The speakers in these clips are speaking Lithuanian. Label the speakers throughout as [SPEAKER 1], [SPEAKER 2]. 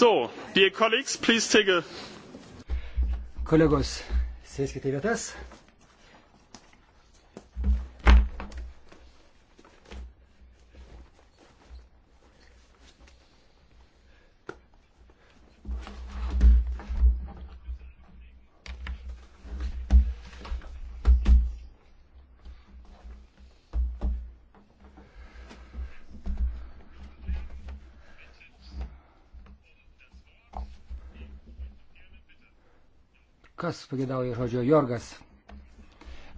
[SPEAKER 1] So, dear colleagues, please take a...
[SPEAKER 2] Kolegos, sėskite į vietas. Kas pagėdauja žodžio Jorgas?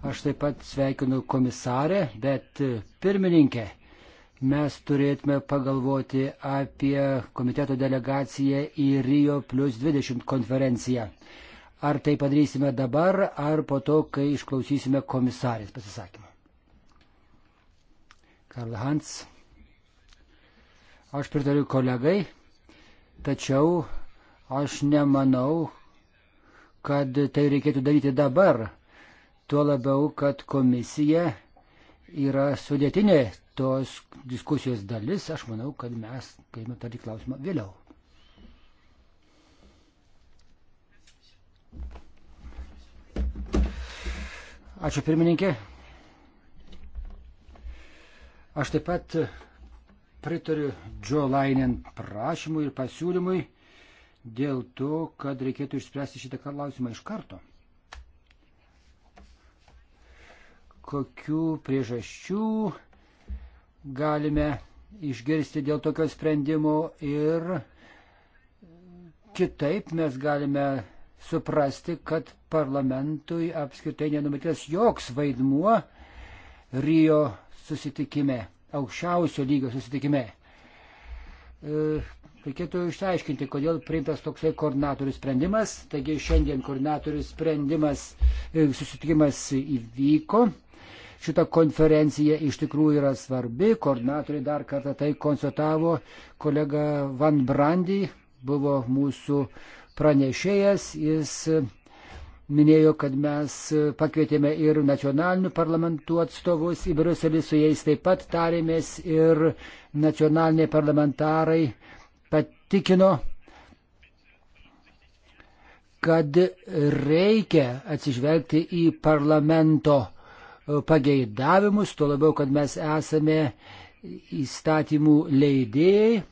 [SPEAKER 2] Aš taip pat sveikinu komisarę, bet e, pirmininkę. Mes turėtume pagalvoti apie komiteto delegaciją į Rio plus 20 konferenciją. Ar tai padarysime dabar, ar po to, kai išklausysime komisarės pasisakymą. Karl Hans. Aš pritariu kolegai, tačiau aš nemanau, kad tai reikėtų daryti dabar. Tuo labiau, kad komisija yra sudėtinė tos diskusijos dalis. Aš manau, kad mes galime tarti klausimą vėliau. Ačiū pirmininkė. Aš taip pat pritariu Džo Lainin prašymui ir pasiūlymui dėl to, kad reikėtų išspręsti šitą klausimą iš karto. Kokių priežasčių galime išgirsti dėl tokio sprendimo ir kitaip mes galime suprasti, kad parlamentui apskritai nenumatytas joks vaidmuo Rio susitikime, aukščiausio lygio susitikime e, Reikėtų išsiaiškinti, kodėl priimtas toksai koordinatorių sprendimas. Taigi šiandien koordinatorių sprendimas e, susitikimas įvyko. Šita konferencija iš tikrųjų yra svarbi. Koordinatoriai dar kartą tai konsultavo. Kolega Van Brandy buvo mūsų pranešėjas. Jis e, minėjo, kad mes e, pakvietėme ir nacionalinių parlamentų atstovus į Bruselį, su jais taip pat tarėmės ir nacionaliniai parlamentarai tikino, kad reikia atsižvelgti į parlamento pageidavimus, tuo labiau, kad mes esame įstatymų leidėjai.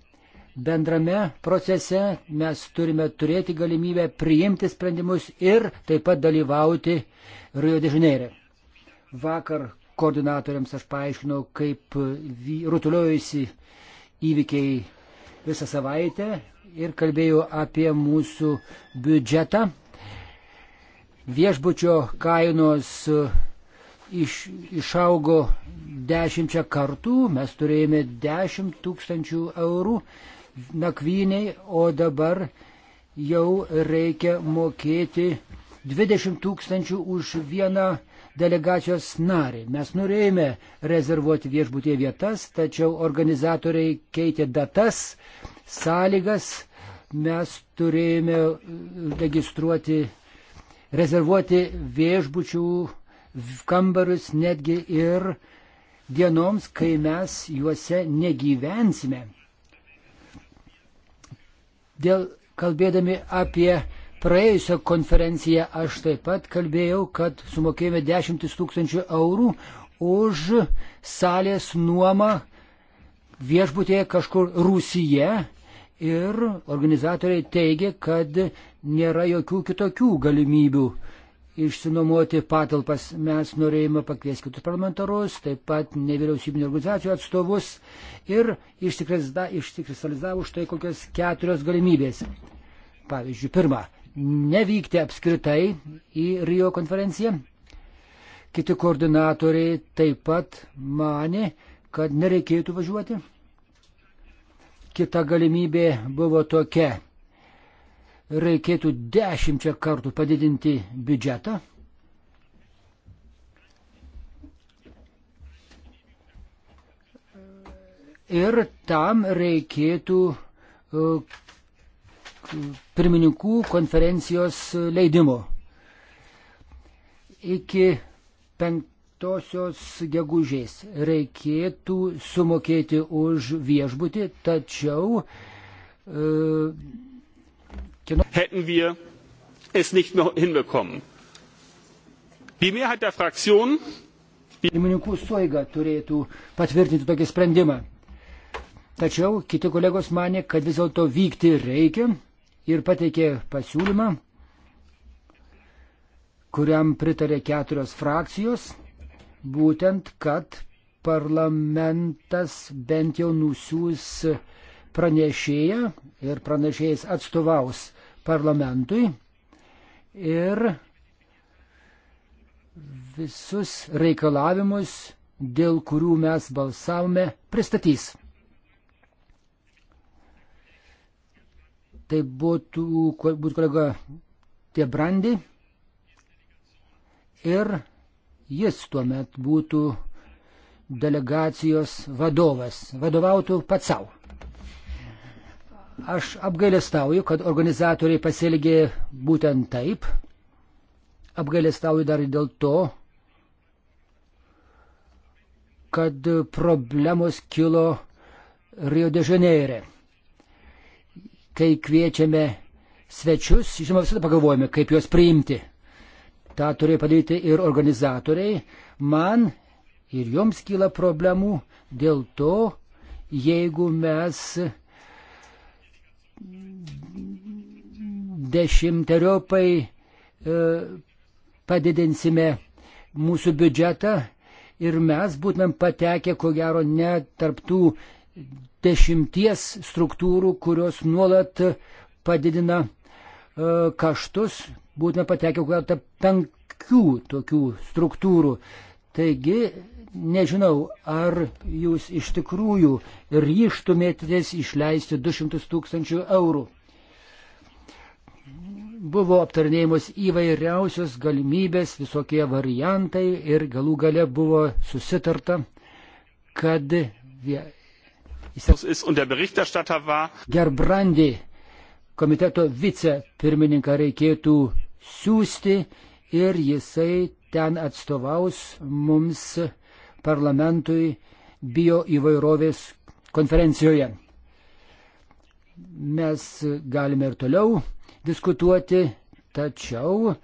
[SPEAKER 2] Bendrame procese mes turime turėti galimybę priimti sprendimus ir taip pat dalyvauti Rio de Žaneire. Vakar koordinatoriams aš paaiškinau, kaip rutuliojasi įvykiai visą savaitę ir kalbėjo apie mūsų biudžetą. Viešbučio kainos e, iš, išaugo dešimčia kartų, mes turėjome 10 tūkstančių eurų nakvyniai, o dabar jau reikia mokėti 20 tūkstančių už vieną delegacijos narį. Mes norėjome rezervuoti viešbutie vietas, tačiau organizatoriai keitė datas, sąlygas. Mes turėjome registruoti, rezervuoti viešbučių kambarius netgi ir dienoms, kai mes juose negyvensime. Dėl kalbėdami apie Praėjusią konferenciją aš taip pat kalbėjau, kad sumokėjome dešimtis tūkstančių eurų už salės nuomą viešbutėje kažkur Rusija ir organizatoriai teigia, kad nėra jokių kitokių galimybių išsinuomoti patalpas. Mes norėjome pakviesti kitus parlamentarus, taip pat nevyriausybinio organizacijų atstovus ir išsikristalizavo štai kokios keturios galimybės. Pavyzdžiui, pirma, nevykti apskritai į Rio konferenciją. Kiti koordinatoriai taip pat mane, kad nereikėtų važiuoti. Kita galimybė buvo tokia. Reikėtų dešimčia kartų padidinti biudžetą. Ir tam reikėtų uh, pirmininkų konferencijos leidimo. Iki penktosios gegužės reikėtų sumokėti už viešbutį, tačiau uh, kino...
[SPEAKER 1] Hätten wir es nicht mehr hinbekommen. Die Mehrheit der Fraktionen.
[SPEAKER 2] Pirmininkų suiga turėtų patvirtinti tokį sprendimą. Tačiau kiti kolegos mane, kad vis dėlto vykti reikia ir pateikė pasiūlymą, kuriam pritarė keturios frakcijos, būtent, kad parlamentas bent jau nusiūs pranešėją ir pranešėjas atstovaus parlamentui ir visus reikalavimus, dėl kurių mes balsavome, pristatys. tai būtų, būtų kolega Tebrandi ir jis tuomet būtų delegacijos vadovas, vadovautų pats savo. Aš apgailestauju, kad organizatoriai pasielgė būtent taip. Apgailestauju dar dėl to, kad problemos kilo Rio de Žaneire kai kviečiame svečius, žinoma, visada pagalvojame, kaip juos priimti. Ta turėjo padaryti ir organizatoriai. Man ir joms kyla problemų dėl to, jeigu mes dešimteriopai e, padidinsime mūsų biudžetą ir mes būtumėm patekę, ko gero, net tarptų dešimties struktūrų, kurios nuolat padidina e, kaštus, būtume patekę kokią penkių tokių struktūrų. Taigi, nežinau, ar jūs iš tikrųjų ryštumėtės išleisti 200 tūkstančių eurų. Buvo aptarnėjimus įvairiausios galimybės, visokie variantai ir galų gale buvo susitarta, kad
[SPEAKER 1] Gerbrandi
[SPEAKER 2] komiteto vicepirmininką reikėtų siūsti ir jisai ten atstovaus mums parlamentui bio įvairovės konferencijoje. Mes galime ir toliau diskutuoti, tačiau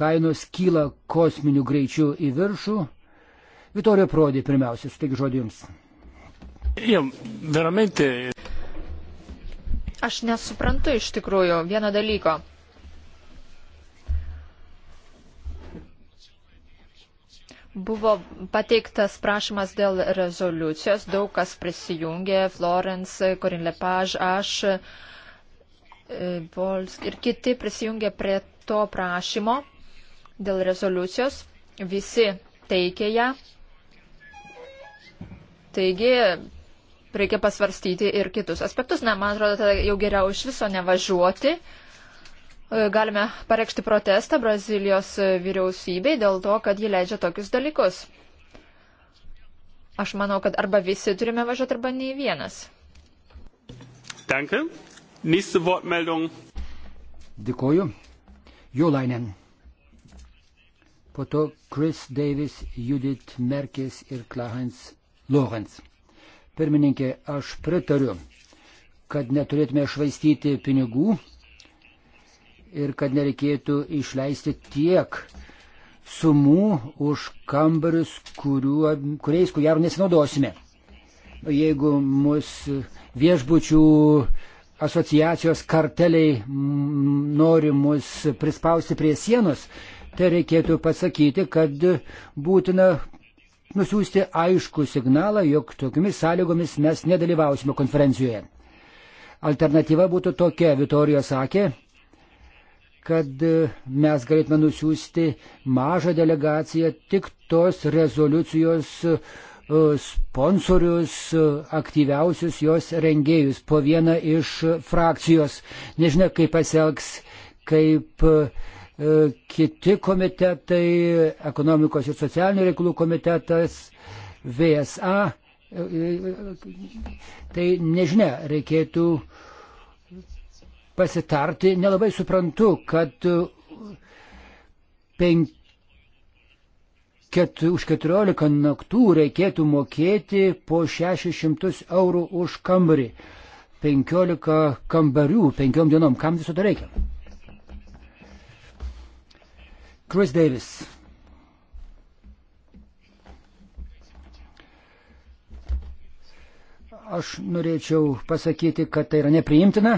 [SPEAKER 2] kainos kyla kosminių greičių į viršų. Vitorijo Prodi pirmiausia, sutik žodį jums.
[SPEAKER 3] Aš nesuprantu iš tikrųjų vieno dalyko. Buvo pateiktas prašymas dėl rezoliucijos, daug kas prisijungė, Florence, Corinne Lepage, aš, e, Volsk ir kiti prisijungė prie to prašymo dėl rezoliucijos. Visi teikė ją. Taigi reikia pasvarstyti ir kitus aspektus. Na, man atrodo, tada jau geriau iš viso nevažiuoti. E, galime pareikšti protestą Brazilijos vyriausybei dėl to, kad ji leidžia tokius dalykus. Aš manau, kad arba visi turime važiuoti, arba nei vienas.
[SPEAKER 1] Danke. Nächste Wortmeldung.
[SPEAKER 2] Dėkoju. Jolainen. Po to Chris Davis, Judith Merkis ir Clarence Lawrence. Pirmininkė, aš pritariu, kad neturėtume švaistyti pinigų ir kad nereikėtų išleisti tiek sumų už kambarius, kuriuo, kuriais, ko gero, nesinaudosime. Jeigu mus viešbučių asociacijos karteliai nori mus prispausti prie sienos, tai reikėtų pasakyti, kad būtina nusiųsti aišku signalą, jog tokiamis sąlygomis mes nedalyvausime konferencijoje. Alternatyva būtų tokia, Vitorija sakė, kad e, mes galėtume nusiųsti mažą delegaciją tik tos rezoliucijos e, sponsorius, e, aktyviausius jos rengėjus, po vieną iš frakcijos. Nežinia, kaip pasielgs, kaip uh, E, kiti komitetai, ekonomikos ir socialinių reikalų komitetas, VSA. E, e, tai nežinia, reikėtų pasitarti. Nelabai suprantu, kad penk... ket... už 14 naktų reikėtų mokėti po 600 eurų už kambarį. 15 kambarių, 5 dienom. Kam viso to reikia? Chris Davis. Aš norėčiau pasakyti, kad tai yra nepriimtina.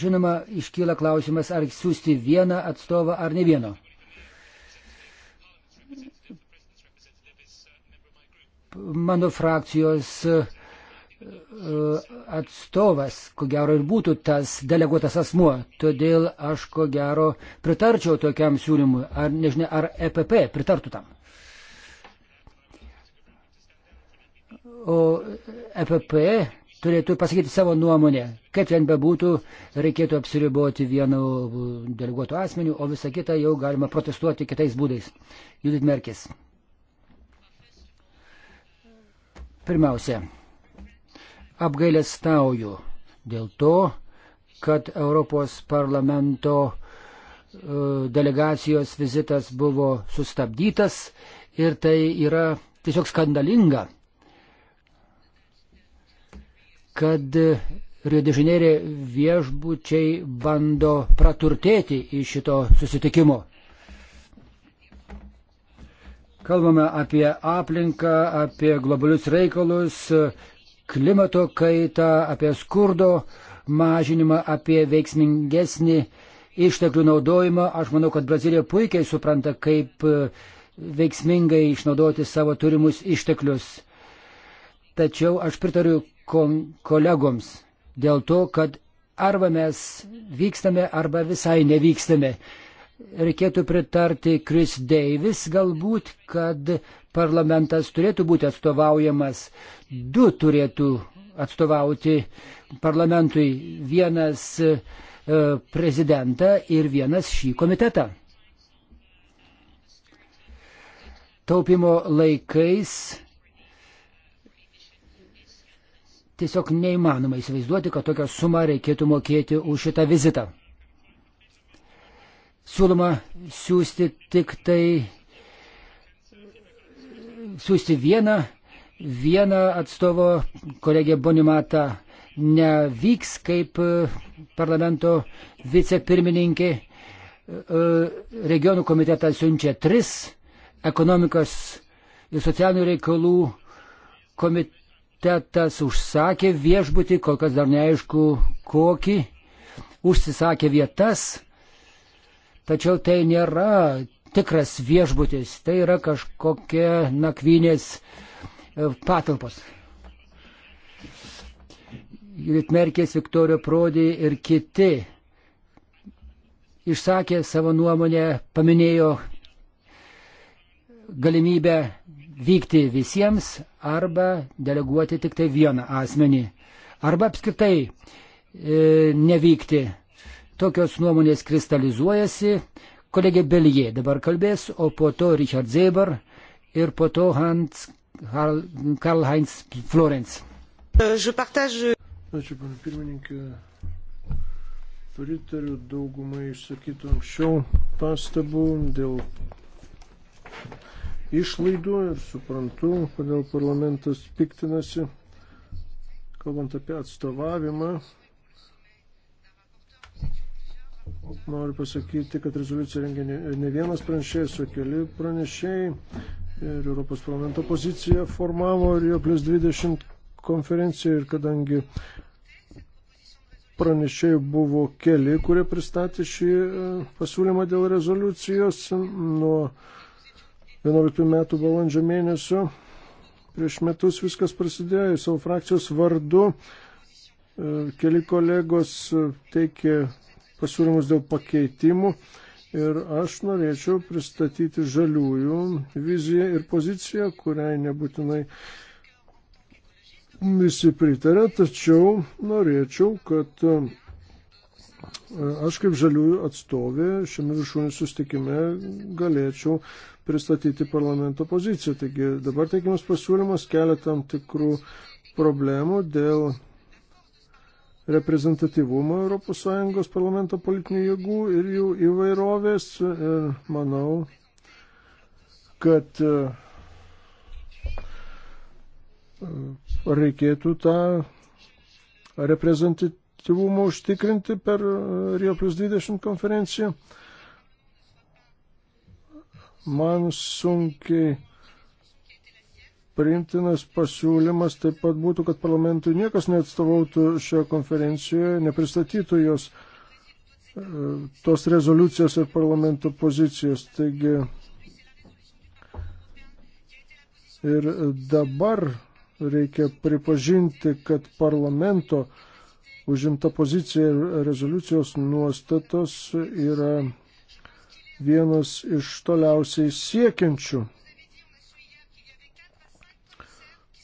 [SPEAKER 2] Žinoma, iškyla klausimas, ar siūsti vieną atstovą ar ne vieno. Mano frakcijos uh, atstovas, ko gero ir būtų tas deleguotas asmuo. Todėl aš ko gero pritarčiau tokiam siūlymui. Ar nežinia, ar EPP pritartų tam. O EPP turėtų pasakyti savo nuomonę. Kaip ten bebūtų, reikėtų apsiriboti vienu deleguotu asmeniu, o visą kitą jau galima protestuoti kitais būdais. Judit Merkis. Pirmiausia, apgailestauju dėl to, kad Europos parlamento e, delegacijos vizitas buvo sustabdytas ir tai yra tiesiog skandalinga, kad Rio de Žinėrė viešbučiai bando praturtėti iš šito susitikimo. Kalbame apie aplinką, apie globalius reikalus, klimato kaitą, apie skurdo mažinimą, apie veiksmingesnį išteklių naudojimą. Aš manau, kad Brazilija puikiai supranta, kaip e, veiksmingai išnaudoti savo turimus išteklius. Tačiau aš pritariu kolegoms dėl to, kad arba mes vykstame, arba visai nevykstame reikėtų pritarti Chris Davis galbūt, kad parlamentas turėtų būti atstovaujamas, du turėtų atstovauti parlamentui, vienas e, prezidentą ir vienas šį komitetą. Taupimo laikais tiesiog neįmanoma įsivaizduoti, kad tokią sumą reikėtų mokėti už šitą vizitą siūloma siūsti tik tai, siūsti vieną, vieną atstovo kolegė Bonimata nevyks kaip e, parlamento vicepirmininkė. E, e, regionų komitetą siunčia tris ekonomikos ir socialinių reikalų komitetas užsakė viešbutį, kol kas dar neaišku kokį, užsisakė vietas Tačiau tai nėra tikras viešbutis, tai yra kažkokie nakvynės e, patalpos. Judit Merkės, Viktorio Prodi ir kiti išsakė savo nuomonę, paminėjo galimybę vykti visiems arba deleguoti tik tai vieną asmenį. Arba apskritai e, nevykti Tokios nuomonės kristalizuojasi. Kolegė Belie dabar kalbės, o po to Richard Zeber ir po to Hans Karl-Heinz
[SPEAKER 4] Florenz. Partage... Ačiū, pan pirmininkė. Pritariu daugumai išsakytų anksčiau pastabų dėl išlaidų ir suprantu, kodėl parlamentas piktinasi, kalbant apie atstovavimą, Noriu pasakyti, kad rezoliuciją rengia ne vienas pranešėjas, o keli pranešėjai. Ir Europos parlamento poziciją formavo Rio plus 20 konferencija. Ir kadangi pranešėjų buvo keli, kurie pristatė šį e, pasiūlymą dėl rezoliucijos nuo 11 metų balandžio mėnesio. Prieš metus viskas prasidėjo savo frakcijos vardu. E, keli kolegos e, teikė pasiūlymus dėl pakeitimų. Ir aš norėčiau pristatyti žaliųjų viziją ir poziciją, kuriai nebūtinai visi pritarė, tačiau norėčiau, kad e, aš kaip žaliųjų atstovė šiame viršūnį sustikime galėčiau pristatyti parlamento poziciją. Taigi dabar teikiamas pasiūlymas kelia tam tikrų problemų dėl reprezentatyvumo ES parlamento politinių jėgų ir jų įvairovės. Ir e, manau, kad e, reikėtų tą reprezentatyvumą užtikrinti per e, Rio plus 20 konferenciją. Man sunkiai Priimtinas pasiūlymas taip pat būtų, kad parlamentui niekas neatstovautų šioje konferencijoje, nepristatytų jos e, tos rezoliucijos ir parlamento pozicijos. Taigi ir dabar reikia pripažinti, kad parlamento užimta pozicija ir rezoliucijos nuostatos yra vienas iš toliausiai siekiančių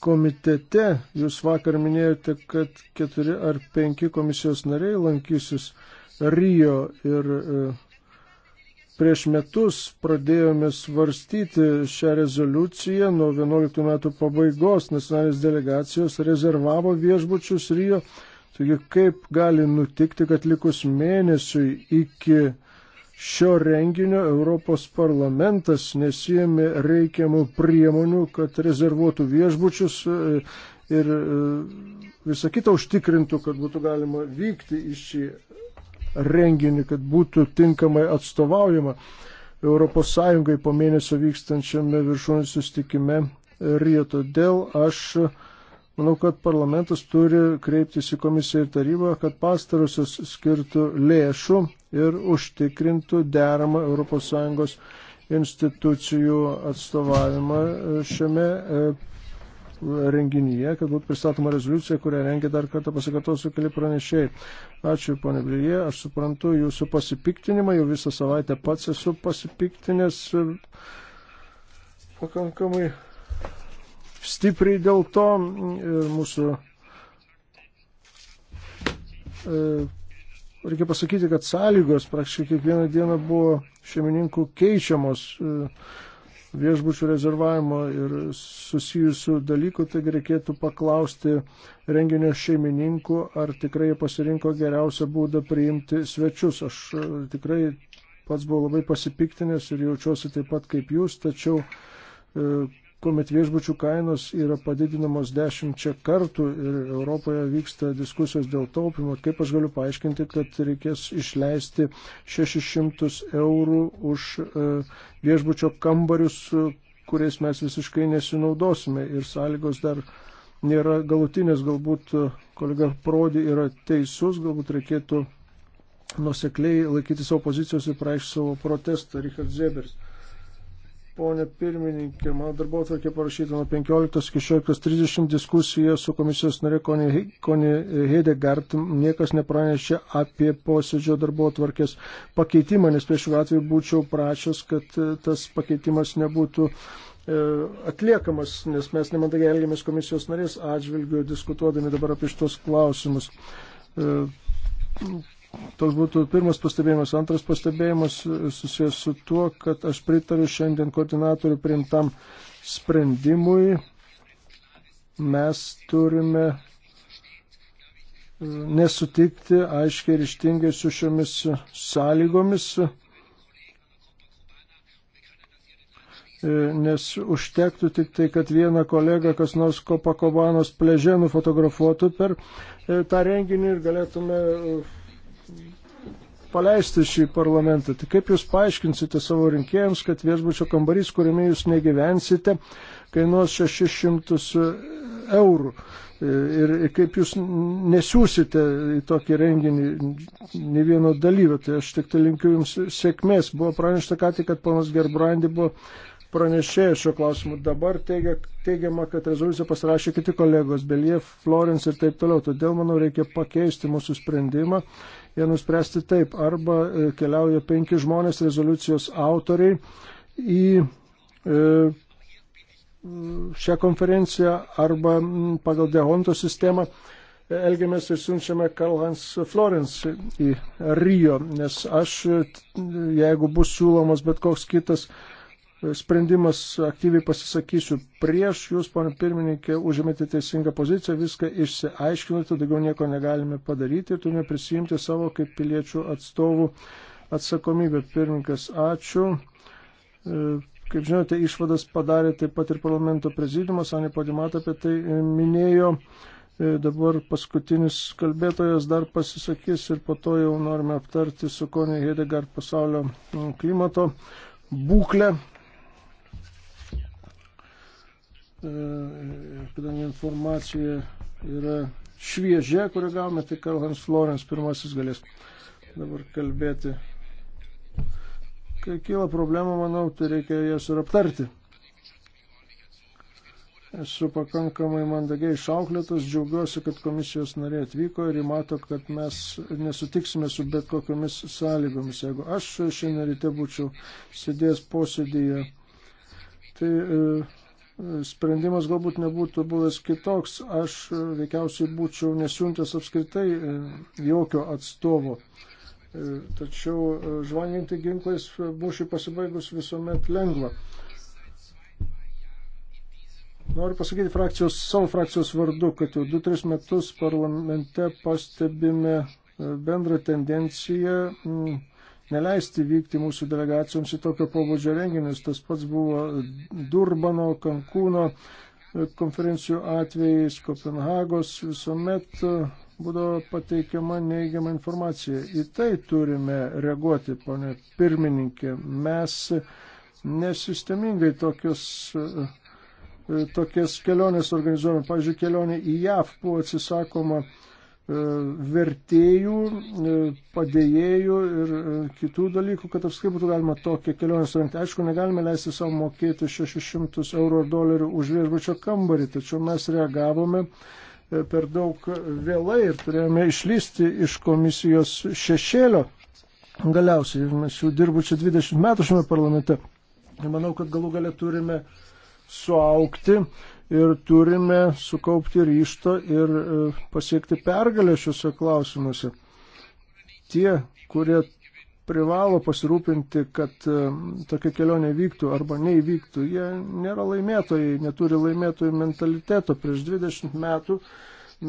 [SPEAKER 4] komitete jūs vakar minėjote, kad keturi ar penki komisijos nariai lankysis Rijo ir e, prieš metus pradėjome svarstyti šią rezoliuciją nuo 11 metų pabaigos nacionalinės delegacijos rezervavo viešbučius Rijo. Taigi kaip gali nutikti, kad likus mėnesiui iki šio renginio Europos parlamentas nesijėmė reikiamų priemonių, kad rezervuotų viešbučius e, ir e, visą kitą užtikrintų, kad būtų galima vykti į šį renginį, kad būtų tinkamai atstovaujama Europos Sąjungai po mėnesio vykstančiame viršūnės sustikime Rio. Todėl aš Manau, kad parlamentas turi kreiptis į komisiją ir tarybą, kad pastarusius skirtų lėšų ir užtikrintų deramą ES institucijų atstovavimą šiame e, renginyje, kad būtų pristatoma rezoliucija, kurią rengia dar kartą pasikartosiu keli pranešėjai. Ačiū, ponė Blyje, aš suprantu jūsų pasipiktinimą, jau visą savaitę pats esu pasipiktinęs e, pakankamai stipriai dėl to ir e, mūsų. E, reikia pasakyti, kad sąlygos praktiškai kiekvieną dieną buvo šeimininkų keičiamos. E, viešbučių rezervavimo ir susijusių dalykų, taigi reikėtų paklausti renginio šeimininkų, ar tikrai pasirinko geriausią būdą priimti svečius. Aš e, tikrai pats buvau labai pasipiktinęs ir jaučiuosi taip pat kaip jūs, tačiau e, kuomet viešbučių kainos yra padidinamos dešimčia kartų ir Europoje vyksta diskusijos dėl taupimo, kaip aš galiu paaiškinti, kad reikės išleisti 600 eurų už e, viešbučio kambarius, kuriais mes visiškai nesinaudosime ir sąlygos dar nėra galutinės, galbūt e, kolega Prodi yra teisus, galbūt reikėtų nusekliai laikyti savo pozicijos ir praeikšti savo protestą, Richard Zebers. Pone pirmininkė, mano darbo atvarkė parašyta nuo 15 iki 16.30 diskusija su komisijos narė Koni Hedegard. Niekas nepranešė apie posėdžio darbo atvarkės pakeitimą, nes priešų atveju būčiau prašęs, kad e, tas pakeitimas nebūtų e, atliekamas, nes mes nemandagiai elgiamės komisijos narės atžvilgiu diskutuodami dabar apie šitos klausimus e, Toks būtų pirmas pastebėjimas. Antras pastebėjimas susijęs su tuo, kad aš pritariu šiandien koordinatorių priimtam sprendimui. Mes turime e, nesutikti aiškiai ir ištingai su šiomis sąlygomis, e, nes užtektų tik tai, kad vieną kolegą kas nors Kopakobanos pleže nufotografuotų per e, tą renginį ir galėtume paleisti šį parlamentą. Tai kaip jūs paaiškinsite savo rinkėjams, kad viešbučio kambarys, kuriame jūs negyvensite, kainuos 600 e, eurų. E, ir kaip jūs nesiūsite į tokį renginį ne vieno dalyvio, tai aš tik tai linkiu jums sėkmės. Buvo pranešta ką tik, kad panas Gerbrandi buvo pranešėjęs šio klausimu. Dabar teigia, teigiama, kad rezoliuciją pasirašė kiti kolegos, Belie, Florence ir taip toliau. Todėl, manau, reikia pakeisti mūsų sprendimą ir nuspręsti taip. Arba e, keliauja penki žmonės rezoliucijos autoriai į e, šią konferenciją arba pagal Dehonto sistemą e, elgiamės ir siunčiame Karlhans Florence į Rio, nes aš, jeigu bus siūlomas bet koks kitas sprendimas aktyviai pasisakysiu prieš jūs, ponė pirmininkė, užimėte teisingą poziciją, viską išsiaiškinote, daugiau nieko negalime padaryti ir turime prisijimti savo kaip piliečių atstovų atsakomybę. Pirmininkas, ačiū. E, kaip žinote, išvadas padarė taip pat ir parlamento prezidiumas, Anė Padimata apie tai minėjo. E, dabar paskutinis kalbėtojas dar pasisakys ir po to jau norime aptarti su Konė Hedegard pasaulio klimato būklę. E, kadangi informacija yra šviežia, kurią gavome, tai Karlhans Florens pirmasis galės dabar kalbėti. Kai kyla problema, manau, tai reikia jas ir aptarti. Esu pakankamai mandagiai išauklėtas, džiaugiuosi, kad komisijos narė atvyko ir įmato, kad mes nesutiksime su bet kokiamis sąlygomis. Jeigu aš šiandien ryte būčiau sėdėjęs posėdėje, tai e, sprendimas galbūt nebūtų buvęs kitoks, aš e, veikiausiai būčiau nesiuntęs apskritai e, jokio atstovo. E, tačiau žvanginti ginklais mūšį pasibaigus visuomet lengva. Noriu pasakyti frakcijos, savo frakcijos vardu, kad jau 2-3 metus parlamente pastebime bendrą tendenciją neleisti vykti mūsų delegacijoms į tokio pobūdžio renginius. Tas pats buvo Durbano, Kankūno e, konferencijų atvejais, Kopenhagos visuomet e, būdavo pateikiama neįgiama informacija. Į tai turime reaguoti, ponė pirmininkė. Mes nesistemingai tokios, e, tokias keliones organizuojame. Pavyzdžiui, kelionė į JAV buvo atsisakoma E, vertėjų, e, padėjėjų ir e, kitų dalykų, kad apskritai būtų galima tokią kelionę surinkti. Aišku, negalime leisti savo mokėti 600 eurų ar dolerių už viešbučio kambarį, tačiau mes reagavome per daug vėlai ir turėjome išlysti iš komisijos šešėlio. Galiausiai, mes jau dirbu čia 20 metų šiame parlamente. Manau, kad galų galę turime suaukti ir turime sukaupti ryšto ir e, pasiekti pergalę šiuose klausimuose. Tie, kurie privalo pasirūpinti, kad e, tokia kelionė vyktų arba neįvyktų, jie nėra laimėtojai, neturi laimėtojų mentaliteto. Prieš 20 metų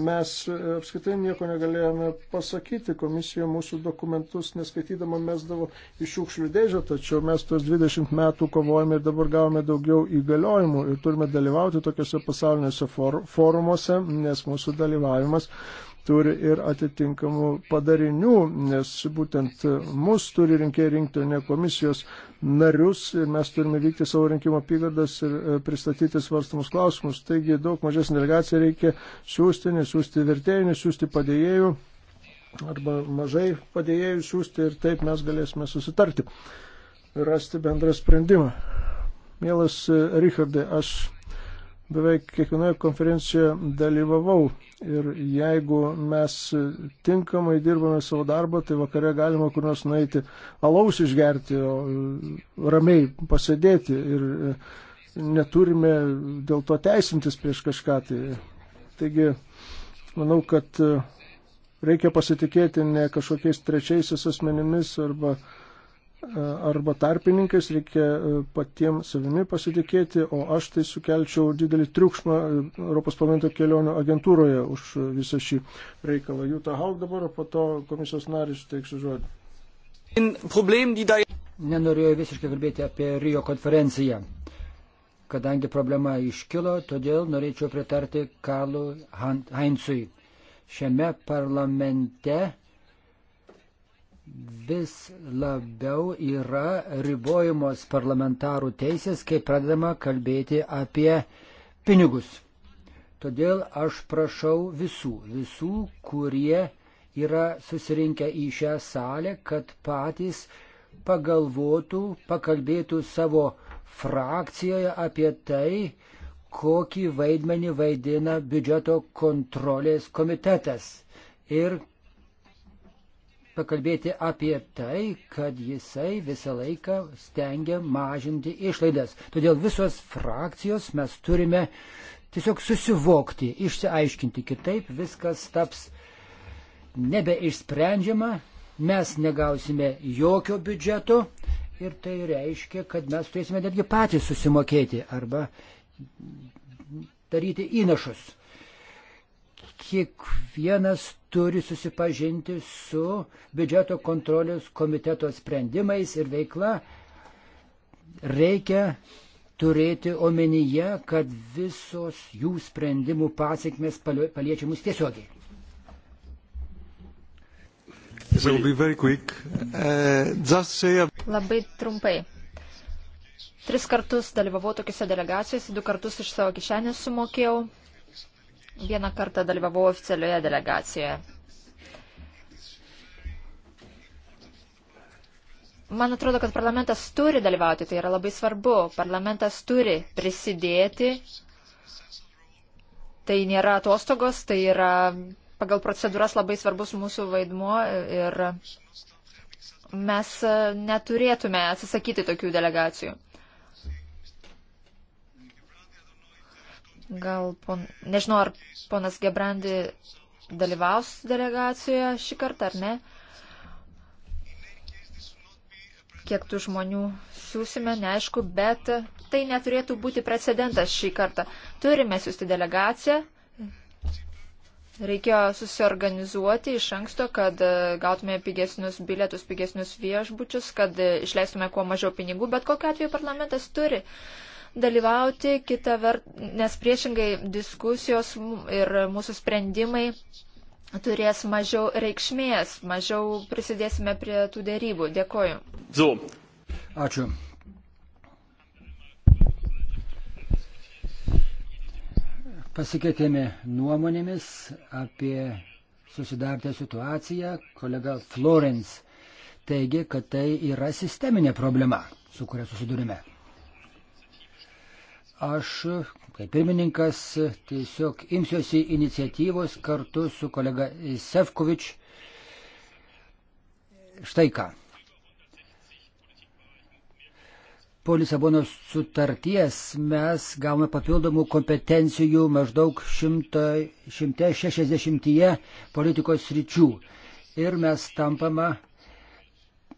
[SPEAKER 4] Mes e, apskaitai nieko negalėjome pasakyti, komisija mūsų dokumentus neskaitydama mesdavo iš šiukšlių dėžę, tačiau mes tuos 20 metų kovojame ir dabar gavome daugiau įgaliojimų ir turime dalyvauti tokiuose pasaulinėse for forumuose, nes mūsų dalyvavimas turi ir atitinkamų padarinių, nes būtent mus turi rinkėjai rinkti, o ne komisijos narius. Mes turime vykti savo rinkimo apygardas ir e, pristatyti svarstamus klausimus. Taigi daug mažesnį delegaciją reikia siūsti, nesiūsti vertėjų, nesiūsti padėjėjų arba mažai padėjėjų siūsti ir taip mes galėsime susitarti ir rasti bendrą sprendimą. Mielas e, Richardai, aš beveik kiekvienoje konferencijoje dalyvavau ir jeigu mes tinkamai dirbame savo darbą, tai vakare galima kur nors nueiti alaus išgerti, o e, ramiai pasėdėti ir e, neturime dėl to teisintis prieš kažką. Tai, taigi, manau, kad e, reikia pasitikėti ne kažkokiais trečiaisiais asmenimis arba uh, E, arba tarpininkais, reikia e, patiems savimi pasitikėti, o aš tai sukelčiau didelį triukšmą e, Europos parlamento kelionių agentūroje už visą šį reikalą. Jūta Haug dabar, po to komisijos narys teiksiu žodį. Nenorėjau visiškai kalbėti apie Rio konferenciją.
[SPEAKER 2] Kadangi problema iškilo, todėl norėčiau pritarti Karlui Heinzui. Šiame parlamente vis labiau yra ribojamos parlamentarų teisės, kai pradedama kalbėti apie pinigus. Todėl aš prašau visų, visų, kurie yra susirinkę į šią salę, kad patys pagalvotų, pakalbėtų savo frakcijoje apie tai, kokį vaidmenį vaidina biudžeto kontrolės komitetas ir pakalbėti apie tai, kad jisai visą laiką stengia mažinti išlaidas. Todėl visos frakcijos mes turime tiesiog susivokti, išsiaiškinti, kitaip viskas taps nebeišsprendžiama, mes negausime jokio biudžeto ir tai reiškia, kad mes turėsime netgi patys susimokėti arba daryti įnašus kiekvienas turi susipažinti su biudžeto kontrolės komiteto sprendimais ir veikla. Reikia turėti omenyje, kad visos jų sprendimų pasiekmes paliečia mus tiesiogiai.
[SPEAKER 4] Uh,
[SPEAKER 3] Labai trumpai. Tris kartus dalyvavau tokiuose delegacijose, du kartus iš savo kišenės sumokėjau Vieną kartą dalyvavau oficialioje delegacijoje. Man atrodo, kad parlamentas turi dalyvauti, tai yra labai svarbu. Parlamentas turi prisidėti. Tai nėra atostogos, tai yra pagal procedūras labai svarbus mūsų vaidmuo ir mes neturėtume atsisakyti tokių delegacijų. Gal, pon, nežinau, ar ponas Gebrandi dalyvaus delegacijoje šį kartą ar ne. Kiek tų žmonių siūsime, neaišku, bet tai neturėtų būti precedentas šį kartą. Turime siūsti delegaciją. Reikėjo susiorganizuoti iš anksto, kad gautume pigesnius bilietus, pigesnius viešbučius, kad išleistume kuo mažiau pinigų, bet kokiu atveju parlamentas turi uh, dalyvauti, kita vert, nes priešingai diskusijos ir mūsų sprendimai turės mažiau reikšmės, mažiau prisidėsime prie tų dėrybų. Dėkoju.
[SPEAKER 1] So.
[SPEAKER 2] Ačiū. Pasikeitėme nuomonėmis apie susidartę situaciją. Kolega Florence teigia, kad tai yra sisteminė problema, su kuria susidurime. Aš, kaip pirmininkas, tiesiog imsiuosi iniciatyvos kartu su kolega Sefkovič. Štai ką. Po Lisabonos sutarties mes gavome papildomų kompetencijų maždaug 100, 160 politikos ryčių. Ir mes tampame,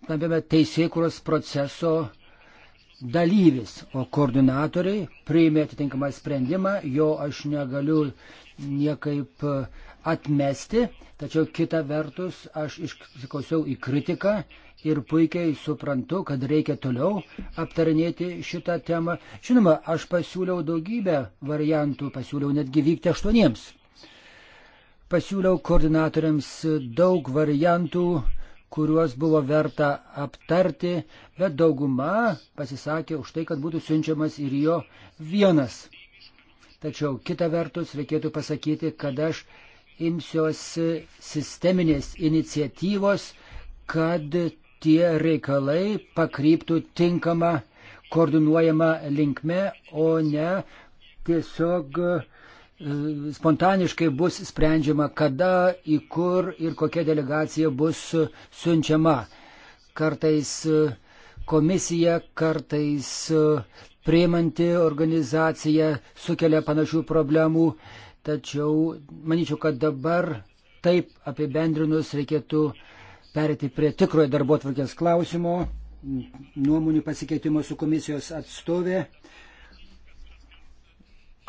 [SPEAKER 2] tampame teisėkuros proceso dalyvis, o koordinatoriai priėmė atitinkamą sprendimą, jo aš negaliu niekaip atmesti, tačiau kita vertus aš išsiklausiau į kritiką ir puikiai suprantu, kad reikia toliau aptarinėti šitą temą. Žinoma, aš pasiūliau daugybę variantų, pasiūliau netgi vykti aštuoniems. Pasiūliau koordinatoriams daug variantų, kuriuos buvo verta aptarti, bet dauguma pasisakė už tai, kad būtų siunčiamas ir jo vienas. Tačiau kita vertus reikėtų pasakyti, kad aš imsiuosi sisteminės iniciatyvos, kad tie reikalai pakryptų tinkamą koordinuojamą linkme, o ne tiesiog uh, spontaniškai bus sprendžiama, kada, į kur ir kokia delegacija bus siunčiama. Kartais e, komisija, kartais e, priimanti organizacija sukelia panašių problemų, tačiau manyčiau, kad dabar taip apibendrinus reikėtų perėti prie tikrojo darbo atvarkės klausimo, nuomonių pasikeitimo su komisijos atstovė,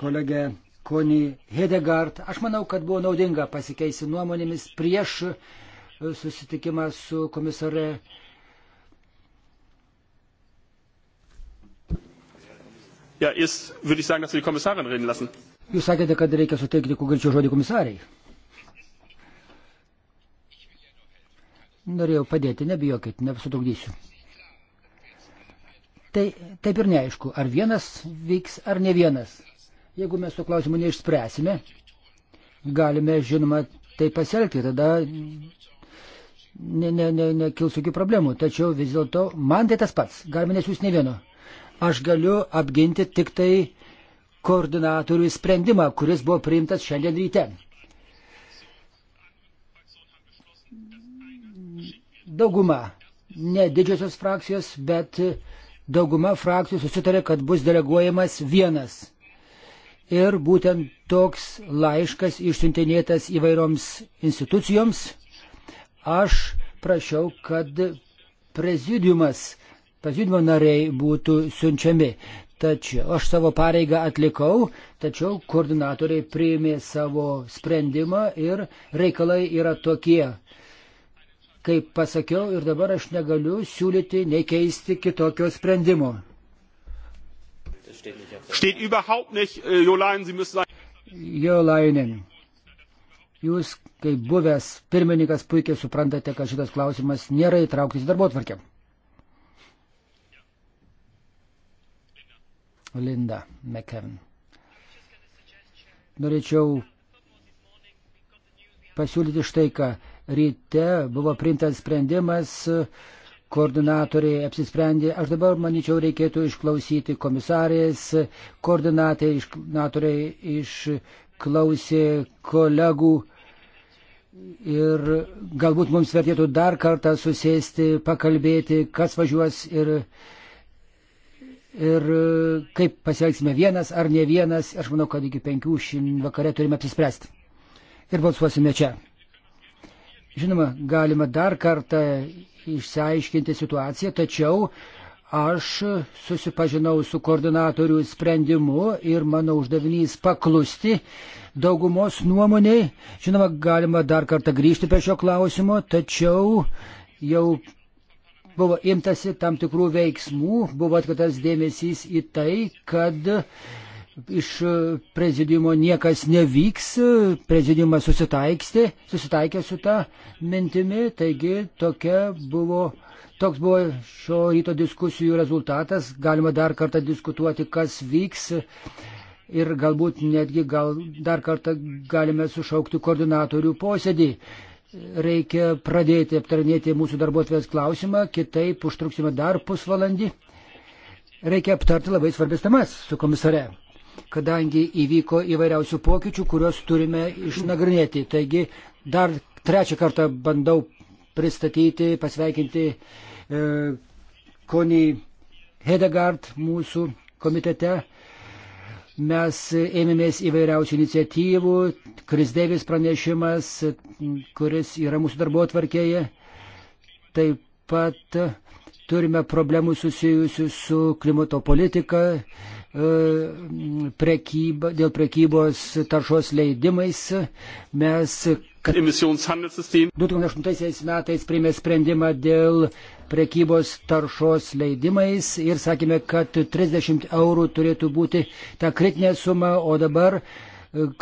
[SPEAKER 2] kolegė Koni Hedegard. Aš manau, kad buvo naudinga pasikeisti nuomonėmis prieš e, susitikimą su komisare.
[SPEAKER 1] Ja, ist, würde ich sagen, dass wir die Kommissarin reden lassen.
[SPEAKER 2] Jūs sakėte, kad reikia suteikti kuo greičiau žodį komisariai. Norėjau padėti, nebijokit, nesutrukdysiu. Tai taip ir neaišku, ar vienas vyks, ar ne vienas. Jeigu mes to klausimo neišspręsime, galime, žinoma, tai pasielgti, tada ne, ne, ne, nekils jokių problemų. Tačiau vis dėlto man tai tas pats, galime nesiūs ne vieno. Aš galiu apginti tik tai koordinatorių sprendimą, kuris buvo priimtas šiandien ryte. Dauguma, ne didžiosios frakcijos, bet dauguma frakcijų susitarė, kad bus deleguojamas vienas Ir būtent toks laiškas išsiuntinėtas įvairioms institucijoms. Aš prašiau, kad prezidiumas, prezidiumo nariai būtų siunčiami. Tačiau aš savo pareigą atlikau, tačiau koordinatoriai priėmė savo sprendimą ir reikalai yra tokie. Kaip pasakiau ir dabar aš negaliu siūlyti nekeisti kitokio sprendimo
[SPEAKER 1] steht überhaupt nicht, äh, Jolainen, Sie müssen sagen.
[SPEAKER 2] Jolainen, jūs kaip buvęs pirmininkas puikiai suprantate, kad šitas klausimas nėra įtrauktas į darbo atvarkę. Linda McKevin. Norėčiau pasiūlyti štai ką. Ryte buvo printas sprendimas uh, koordinatoriai apsisprendė. Aš dabar, manyčiau, reikėtų išklausyti komisarės, koordinatoriai išklausė kolegų ir galbūt mums vertėtų dar kartą susėsti, pakalbėti, kas važiuos ir, ir kaip pasielgsime vienas ar ne vienas. Aš manau, kad iki penkių šiandien vakare turime apsispręsti. Ir balsuosime čia. Žinoma, galima dar kartą išsiaiškinti situaciją, tačiau aš susipažinau su koordinatorių sprendimu ir mano uždavinys paklusti daugumos nuomoniai. Žinoma, galima dar kartą grįžti prie šio klausimo, tačiau jau buvo imtasi tam tikrų veiksmų, buvo atkatas dėmesys į tai, kad iš e, prezidiumo niekas nevyks, e, prezidiumas susitaikstė, susitaikė su tą mintimi, taigi tokia buvo, toks buvo šio ryto diskusijų rezultatas, galima dar kartą diskutuoti, kas vyks ir galbūt netgi gal, dar kartą galime sušaukti koordinatorių posėdį. Reikia pradėti aptarnėti mūsų darbuotvės klausimą, kitaip užtruksime dar pusvalandį. Reikia aptarti labai svarbės temas su komisare kadangi įvyko įvairiausių pokyčių, kuriuos turime išnagrinėti. Taigi dar trečią kartą bandau pristatyti, pasveikinti e, Konį Hedegard mūsų komitete. Mes ėmėmės įvairiausių iniciatyvų, Krisdėvis pranešimas, kuris yra mūsų darbo atvarkėje. Taip pat turime problemų susijusių su klimato politika, E, prekyba, dėl prekybos taršos leidimais mes 2008 metais priėmė sprendimą dėl prekybos taršos leidimais ir sakėme, kad 30 eurų turėtų būti ta kritinė suma, o dabar e,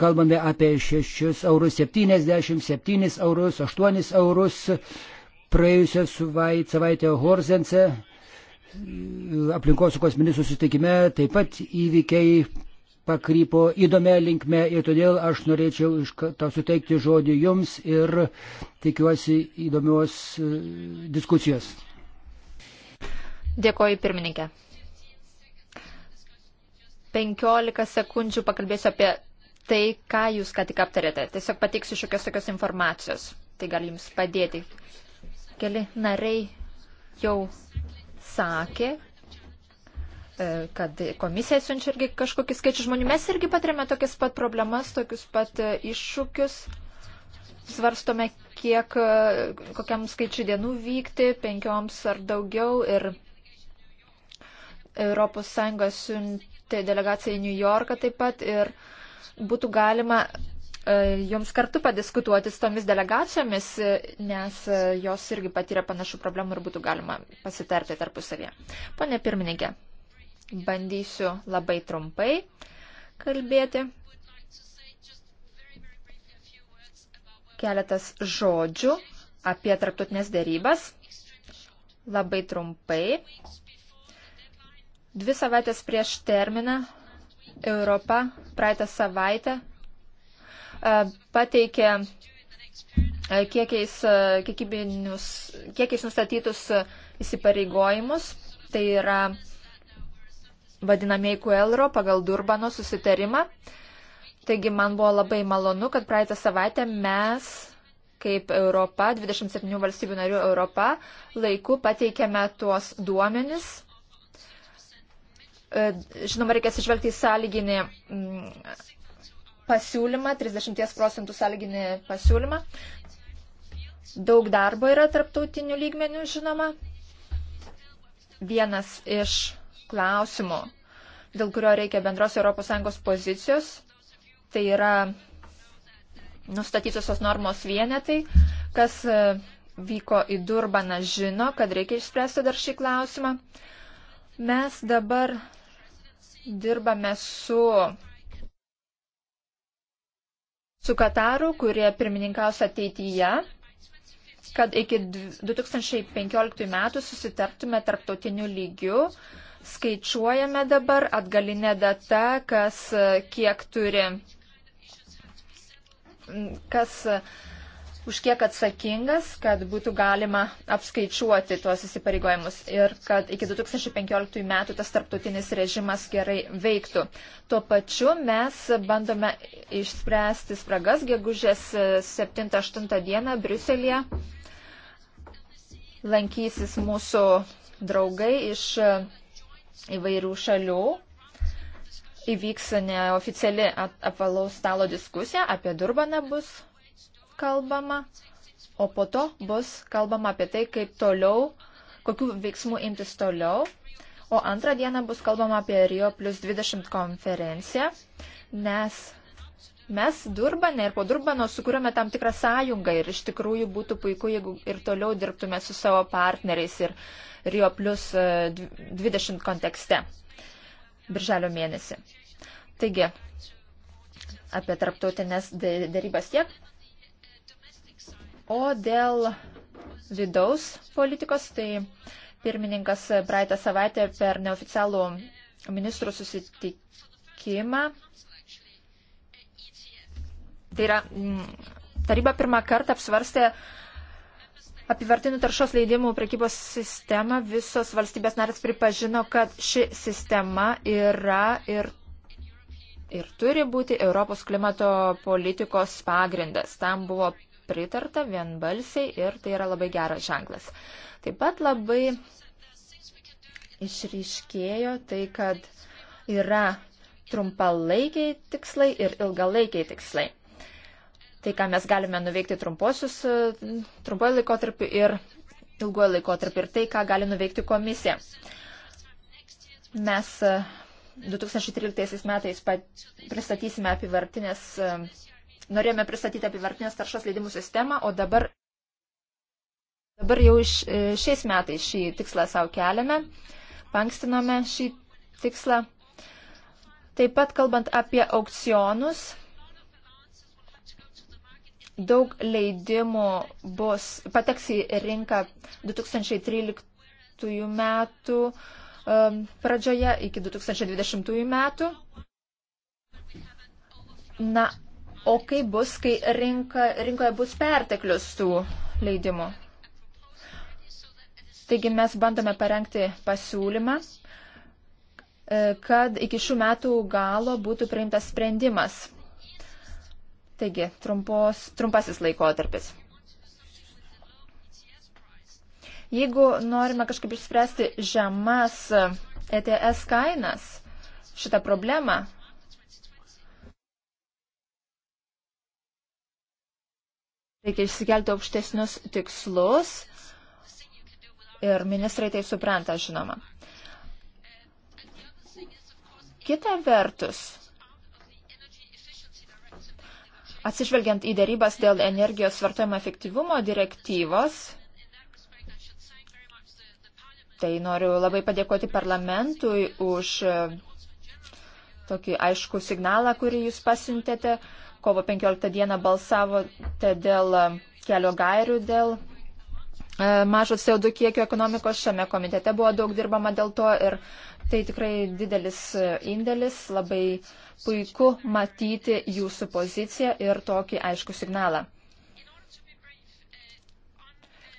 [SPEAKER 2] kalbame apie 6 eurus 70, 7 eurus, 8 eurus. Praėjusią savaitę Horzense aplinkosaugos ministrų susitikime taip pat įvykiai pakrypo įdomia linkme ir todėl aš norėčiau iš karto suteikti žodį jums ir tikiuosi įdomios e, diskusijos.
[SPEAKER 3] Dėkoju pirmininkė. 15 sekundžių pakalbėsiu apie tai, ką jūs ką tik aptarėte. Tiesiog pateiksiu šiokios tokios informacijos. Tai gali jums padėti. Keli nariai jau sakė, e, kad komisija siunčia irgi kažkokį skaičių žmonių. Mes irgi patiriame tokias pat problemas, tokius pat e, iššūkius. Svarstome, kiek, e, kokiam skaičiu dienų vykti, penkioms ar daugiau. Ir ES siuntė delegaciją į New Yorką taip pat. Ir būtų galima E, jums kartu padiskutuoti su tomis delegacijomis, e, nes e, jos irgi patyrė panašių problemų ir būtų galima pasitarti tarpusavėje. Pone pirmininkė, bandysiu labai trumpai kalbėti. Keletas žodžių apie tarptautinės dėrybas. Labai trumpai. Dvi savaitės prieš terminą Europa praeitą savaitę E, pateikė e, kiekiais, e, kiekiais nustatytus įsipareigojimus. Tai yra vadinamieji Kuelro pagal Durbano susitarimą. Taigi man buvo labai malonu, kad praeitą savaitę mes kaip Europa, 27 valstybių narių Europa, laiku pateikėme tuos duomenis. Žinoma, reikės išvelgti į sąlyginį pasiūlymą, 30 procentų salginį pasiūlymą. Daug darbo yra tarptautinių lygmenių, žinoma. Vienas iš klausimų, dėl kurio reikia bendros ES pozicijos, tai yra nustatytosios normos vienetai, kas e, vyko į Durbaną žino, kad reikia išspręsti dar šį klausimą. Mes dabar dirbame su su Kataru, kurie pirmininkaus ateityje, kad iki 2015 metų susitartume tarptautiniu lygiu. Skaičiuojame dabar atgalinę datą, kas kiek turi, kas už kiek atsakingas, kad būtų galima apskaičiuoti tuos įsipareigojimus ir kad iki 2015 metų tas tarptautinis režimas gerai veiktų. Tuo pačiu mes bandome išspręsti spragas gegužės 7-8 dieną Briuselėje. Lankysis mūsų draugai iš įvairių šalių. Įvyks neoficiali apvalaus stalo diskusija apie Durbaną bus kalbama, o po to bus kalbama apie tai, kaip toliau, kokių veiksmų imtis toliau. O antrą dieną bus kalbama apie Rio plus 20 konferenciją, nes mes Durbane ir po Durbano sukūrėme tam tikrą sąjungą ir iš tikrųjų būtų puiku, jeigu ir toliau dirbtume su savo partneriais ir Rio plus 20 e, kontekste birželio mėnesį. Taigi, apie tarptautinės darybas tiek. O dėl vidaus politikos, tai pirmininkas praeitą savaitę per neoficialų ministrų susitikimą. Tai yra, mm, taryba pirmą kartą apsvarstė apivartinių taršos leidimų prekybos sistemą. Visos valstybės narės pripažino, kad ši sistema yra ir, ir turi būti Europos klimato politikos pagrindas. Tam buvo pritarta vienbalsiai ir tai yra labai geras ženklas. Taip pat labai išryškėjo tai, kad yra trumpalaikiai tikslai ir ilgalaikiai tikslai. Tai, ką mes galime nuveikti trumposius, trumpojo laikotarpiu ir ilgojo laikotarpiu ir tai, ką gali nuveikti komisija. Mes e, 2013 metais pristatysime apivartinės e, norėjome pristatyti apivartinės taršos leidimų sistemą, o dabar, dabar jau iš, e, šiais metais šį tikslą savo keliame, pankstinome šį tikslą. Taip pat kalbant apie aukcionus, daug leidimų bus, pateks į rinką 2013 metų um, pradžioje iki 2020 metų. Na, O kaip bus, kai rinka, rinkoje bus perteklius tų leidimų? Taigi mes bandome parengti pasiūlymą, e, kad iki šių metų galo būtų priimtas sprendimas. Taigi, trumpos, trumpasis laikotarpis. Jeigu norime kažkaip išspręsti žemas ETS kainas, šitą problemą, Reikia išsikelti aukštesnius tikslus ir ministrai tai supranta, žinoma. Kita vertus, atsižvelgiant į dėrybas dėl energijos vartojimo efektyvumo direktyvos, tai noriu labai padėkoti parlamentui už tokį aišku signalą, kurį jūs pasintėte. Uh, kovo 15 dieną balsavote dėl e, kelio gairių, dėl e, mažo CO2 kiekio ekonomikos. Šiame komitete buvo daug dirbama dėl to ir tai tikrai didelis e, indėlis, labai puiku matyti jūsų poziciją ir tokį aišku signalą.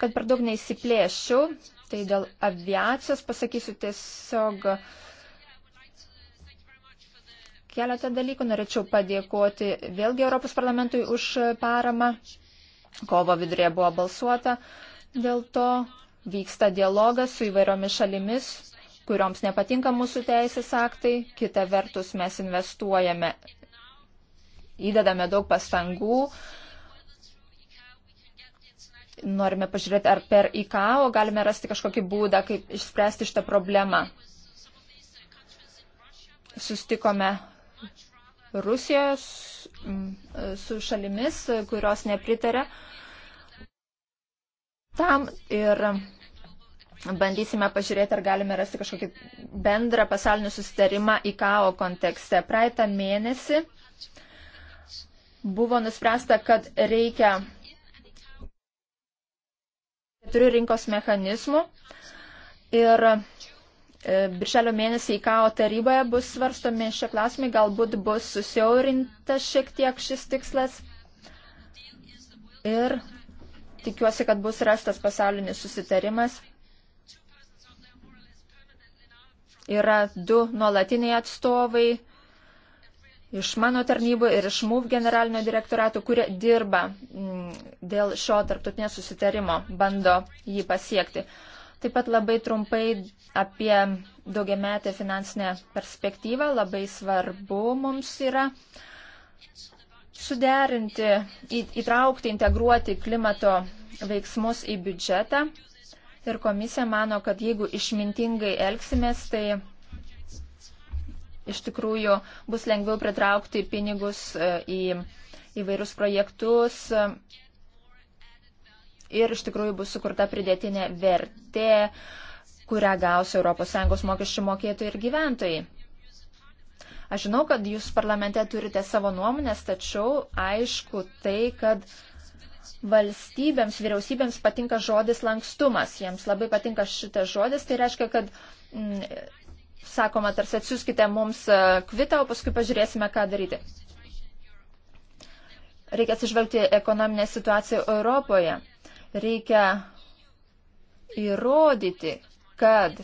[SPEAKER 3] Kad per daug neįsiplėščiau, tai dėl aviacijos pasakysiu tiesiog keletą dalykų. Norėčiau padėkoti vėlgi Europos parlamentui už paramą. Kovo vidurėje buvo balsuota. Dėl to vyksta dialogas su įvairiomis šalimis, kurioms nepatinka mūsų teisės aktai. Kita vertus, mes investuojame, įdedame daug pastangų. Norime pažiūrėti, ar per IKAO galime rasti kažkokį būdą, kaip išspręsti šitą problemą sustikome Rusijos, mm, su šalimis, kurios nepritarė tam ir bandysime pažiūrėti, ar galime rasti kažkokį bendrą pasaulinį susitarimą IKAO kontekste. Praeitą mėnesį buvo nuspręsta, kad reikia keturių rinkos mechanizmų ir E, birželio mėnesį IKAO taryboje bus svarstomi šie klausimai, galbūt bus susiaurintas šiek tiek šis tikslas. Ir tikiuosi, kad bus rastas pasaulinis susitarimas. Yra du nuolatiniai atstovai iš mano tarnybų ir iš MUV generalinio direktorato, kurie dirba mm, dėl šio tarptautinio susitarimo, bando jį pasiekti. Taip pat labai trumpai apie daugiametę finansinę perspektyvą. Labai svarbu mums yra suderinti, įtraukti, integruoti klimato veiksmus į biudžetą. Ir komisija mano, kad jeigu išmintingai elgsimės, tai iš tikrųjų bus lengviau pritraukti pinigus e, į įvairius projektus ir iš tikrųjų bus sukurta pridėtinė vertė, kurią gaus ES mokesčių mokėtojai ir gyventojai. Aš žinau, kad jūs parlamente turite savo nuomonės, tačiau aišku tai, kad valstybėms, vyriausybėms patinka žodis lankstumas. Jiems labai patinka šitas žodis, tai reiškia, kad mm, sakoma, tarsi atsiųskite mums e, kvitą, o paskui pažiūrėsime, ką daryti. Reikia atsižvelgti ekonominę situaciją Europoje reikia įrodyti, kad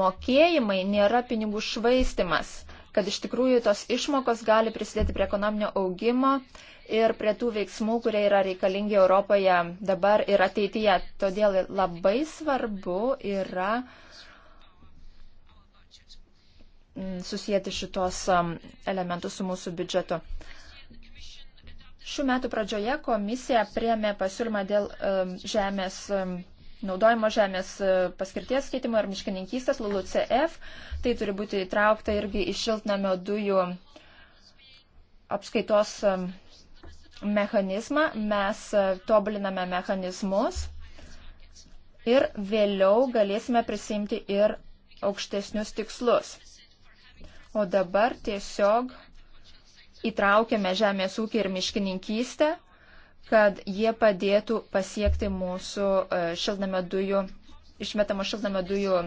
[SPEAKER 3] mokėjimai nėra pinigų švaistimas, kad iš tikrųjų tos išmokos gali prisidėti prie ekonominio augimo ir prie tų veiksmų, kurie yra reikalingi Europoje dabar ir ateityje. Todėl labai svarbu yra mm, susijęti šitos mm, elementus su mūsų biudžetu. Šių metų pradžioje komisija priemė pasiūlymą dėl žemės, naudojimo žemės e, paskirties keitimo ir miškininkystės LULUCF. Tai turi būti įtraukta irgi iš šiltnamio dujų apskaitos mechanizmą. Mes e, tobuliname mechanizmus ir vėliau galėsime prisimti ir aukštesnius tikslus. O dabar tiesiog įtraukėme žemės ūkį ir miškininkystę, kad jie padėtų pasiekti mūsų e, šiltnamio dujų, išmetamo šiltnamio dujų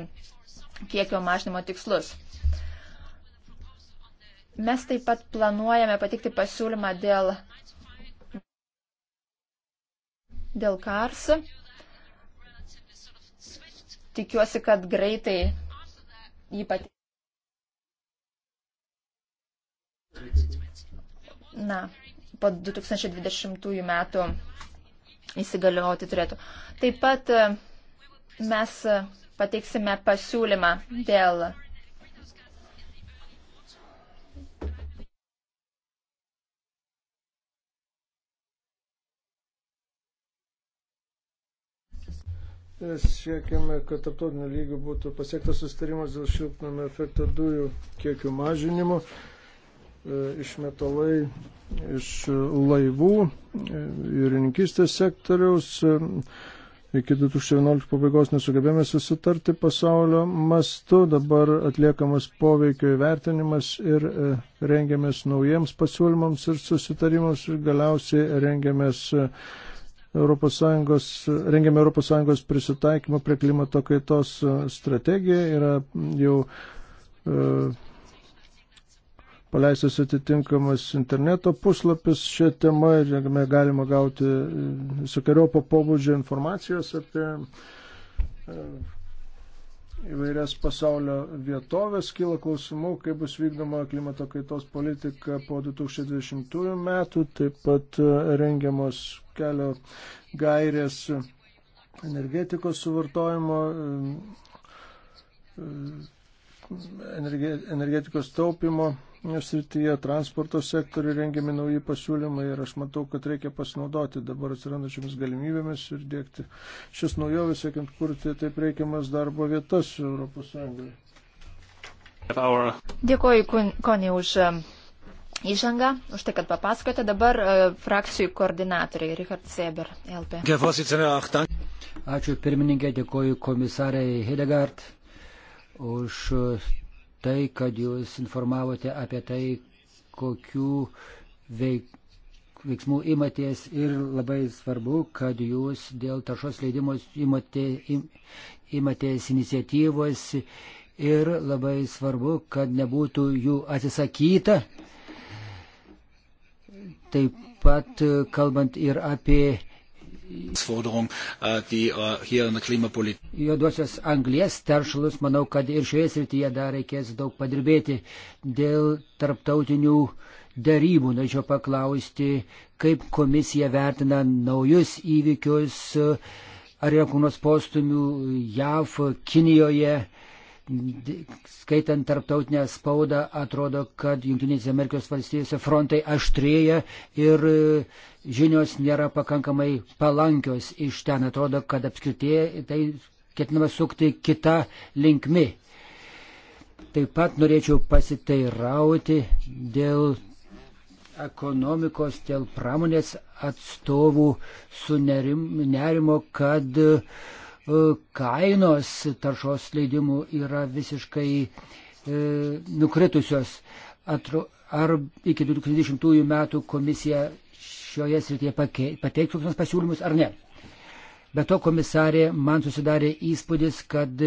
[SPEAKER 3] kiekio mažinimo tikslus. Mes taip pat planuojame patikti pasiūlymą dėl, dėl KARS. Tikiuosi, kad greitai jį patikti na, po 2020 metų įsigalioti turėtų. Taip pat e, mes e, pateiksime pasiūlymą dėl
[SPEAKER 4] Siekiame, kad tarptautiniu lygiu būtų pasiektas sustarimas dėl šiltnamio efekto dujų kiekių mažinimo. E, išmetalai iš laivų e, jūrininkystės sektoriaus. E, iki 2011 pabaigos nesugebėjome susitarti pasaulio mastu, dabar atliekamas poveikio įvertinimas ir rengiamės naujiems pasiūlymams ir susitarimams ir galiausiai rengiamės ES, rengiame ES prisitaikymą prie klimato kaitos strategiją, yra jau paleistas atitinkamas interneto puslapis šią temą ir jame galima gauti e, visokiojo pobūdžio informacijos apie e, įvairias pasaulio vietovės. Kyla klausimų, kaip bus vykdoma klimato kaitos politika po 2020 metų, taip pat e, rengiamos kelio gairės energetikos suvartojimo energetikos taupimo srityje, transporto sektoriui rengiami nauji pasiūlymai ir aš matau, kad reikia pasinaudoti dabar atsirandačiamis galimybėmis ir dėkti šis naujovis, siekiant kurti taip reikiamas darbo vietas Europos Sąjungoje.
[SPEAKER 3] Dėkuoju, Konė, už um, įžangą, už tai, kad papasakote. Dabar uh, frakcijų koordinatoriai, Richard Seber, LP.
[SPEAKER 2] Ačiū pirmininkė, dėkuoju komisarai Hidegard už tai, kad jūs informavote apie tai, kokių veik, veiksmų imatės ir labai svarbu, kad jūs dėl taršos leidimos imate, im, imatės iniciatyvos ir labai svarbu, kad nebūtų jų atsisakyta. Taip pat kalbant ir apie Äh, äh, Juodosios anglies teršalus, manau, kad ir šioje srityje dar reikės daug padirbėti dėl tarptautinių darybų. Norėčiau paklausti, kaip komisija vertina naujus įvykius, ar yra kūnos postumių JAV, Kinijoje skaitant tarptautinę spaudą, atrodo, kad Junktinėse Amerikos valstijose frontai aštrėja ir e, žinios nėra pakankamai palankios iš ten. Atrodo, kad apskritai tai ketinama sukti kitą linkmi. Taip pat norėčiau pasiteirauti dėl ekonomikos, dėl pramonės atstovų su nerimo, kad uh, E, kainos taršos leidimų yra visiškai e, nukritusios. Atro, ar iki 2020 metų komisija šioje srityje pateiktų kokius pasiūlymus ar ne. Be to komisarė man susidarė įspūdis, kad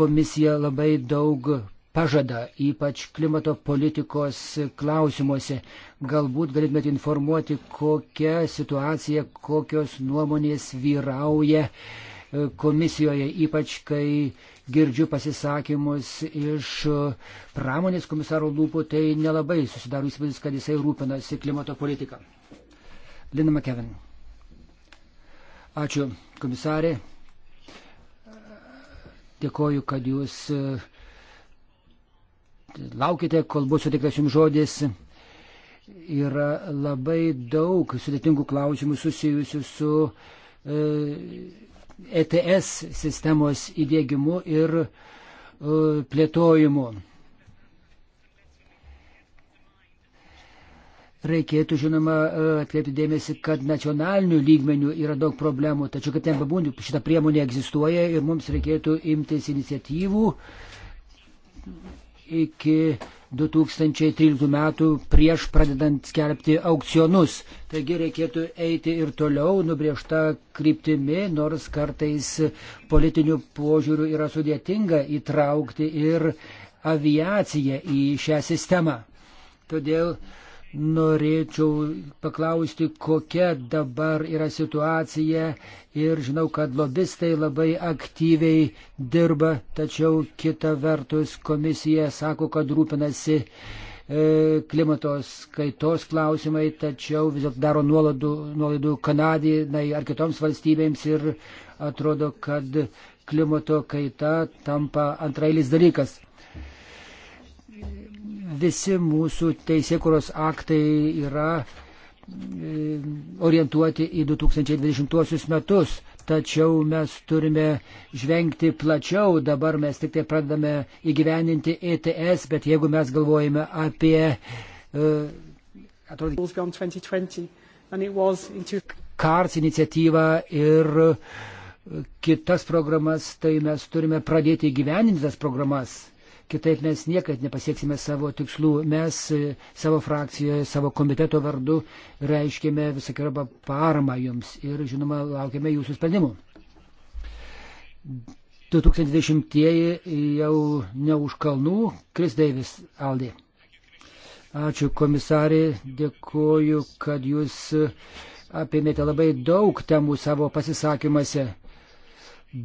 [SPEAKER 2] komisija labai daug pažada, ypač klimato politikos klausimuose. Galbūt galėtumėte informuoti, kokia situacija, kokios nuomonės vyrauja uh, komisijoje, ypač kai girdžiu pasisakymus iš pramonės komisaro lūpų, tai nelabai susidaro įspūdis, kad jisai rūpinasi klimato politiką. Lina McKevin. Ačiū, komisarė. Dėkoju, kad jūs e, laukite, kol bus sutiktas jums žodis yra labai daug sudėtingų klausimų susijusių su e, ETS sistemos įdėgymu ir e, plėtojimu. Reikėtų, žinoma, e, atkreipti dėmesį, kad nacionalinių lygmenių yra daug problemų, tačiau kad ten bebūtų, šita priemonė egzistuoja ir mums reikėtų imtis iniciatyvų iki 2013 metų prieš pradedant skelbti aukcionus. Taigi reikėtų eiti ir toliau nubriežta kryptimi, nors kartais politinių požiūrių yra sudėtinga įtraukti ir aviaciją į šią sistemą. Todėl uh, Norėčiau paklausti, kokia dabar yra situacija ir žinau, kad lobistai labai aktyviai dirba, tačiau kita vertus komisija sako, kad rūpinasi e, klimatos kaitos klausimai, tačiau vis dėlto daro nuolaidų, nuolaidų Kanadijai ar kitoms valstybėms ir atrodo, kad klimato kaita tampa antrailis dalykas visi mūsų teisėkuros aktai yra e, orientuoti į 2020 metus. Tačiau mes turime žvengti plačiau, dabar mes tik tai pradame įgyveninti ETS, bet jeigu mes galvojame apie... Uh, atrodo, KARS iniciatyvą ir e, kitas programas, tai mes turime pradėti įgyveninti tas programas. Kitaip mes niekad nepasieksime savo tikslų. Mes e, savo frakcijoje, savo komiteto vardu reiškėme visokiojo paramą jums ir, žinoma, laukiame jūsų sprendimų. 2020 jau ne už kalnų. Kris Deivis, Aldė. Ačiū komisarė, dėkuoju, kad jūs apėmėte labai daug temų savo pasisakymuose.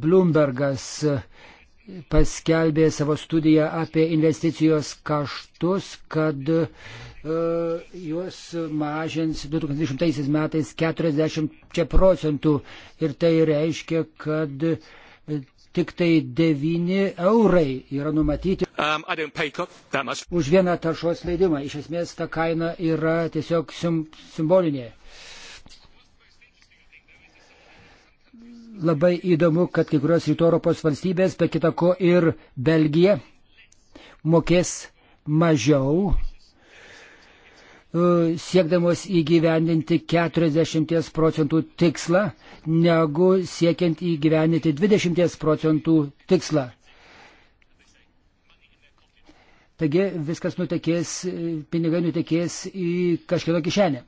[SPEAKER 2] Bloombergas paskelbė savo studiją apie investicijos kaštus, kad uh, juos mažins 2020 metais 40 procentų ir tai reiškia, kad e, tik tai 9 eurai yra numatyti um, už vieną taršos leidimą. Iš esmės ta kaina yra tiesiog sim simbolinė. labai įdomu, kad kai kurios rytų Europos valstybės, be kita ko ir Belgija, mokės mažiau, e, siekdamos įgyvendinti 40 procentų tikslą, negu siekiant įgyvendinti 20 procentų tikslą. Taigi viskas nutekės, e, pinigai nutekės į kažkieno kišenę.